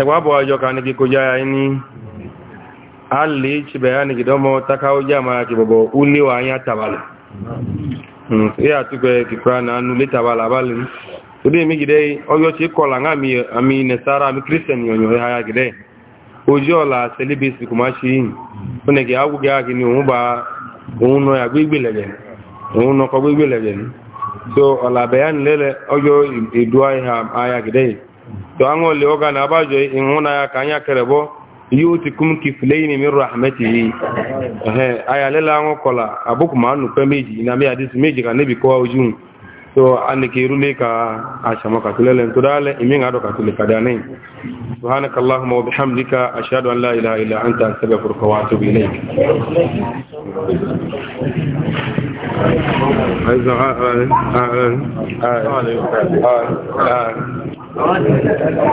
ẹgbà bọ̀ ọjọ́ kan ní kíkó yára ní a lè ṣe bẹ̀rẹ̀ ní kìdọ́mọ́ takáwó jẹ́ àmà kìbọ̀bọ̀ ó léwà ayá tàbàlẹ̀ Hmm, ya tukwe kikwa na anu leta bala bali tudi mi gide oyo chi kola nga mi ami ne sara mi christian yonyo ya ya gide ojo la celibacy kuma shi one ge awu ga gi ni o ba ya gbigbe lege o no ko gbigbe lege so ola bayan lele ojo idua ha aya gide to ango le oga na bajo inuna ya kanya kerebo yóòtìkún kìfìlẹ́yìn mi rahmeti yìí ẹ̀hẹ́ ayàlẹ́lá wọn kọlá àbúkùmánù pẹ́ méjì iná bí àdísì méjì kan níbi kọwa ojú tó a ní kí rúlé ka àṣàmọ́ kàtúlẹ̀lẹ̀ tó dálẹ̀ ìmí ń àdọ̀ kàtúlẹ̀ kàdá náà subhanaka allahumma wa bihamdika ashhadu an la ilaha illa anta astaghfiruka wa atubu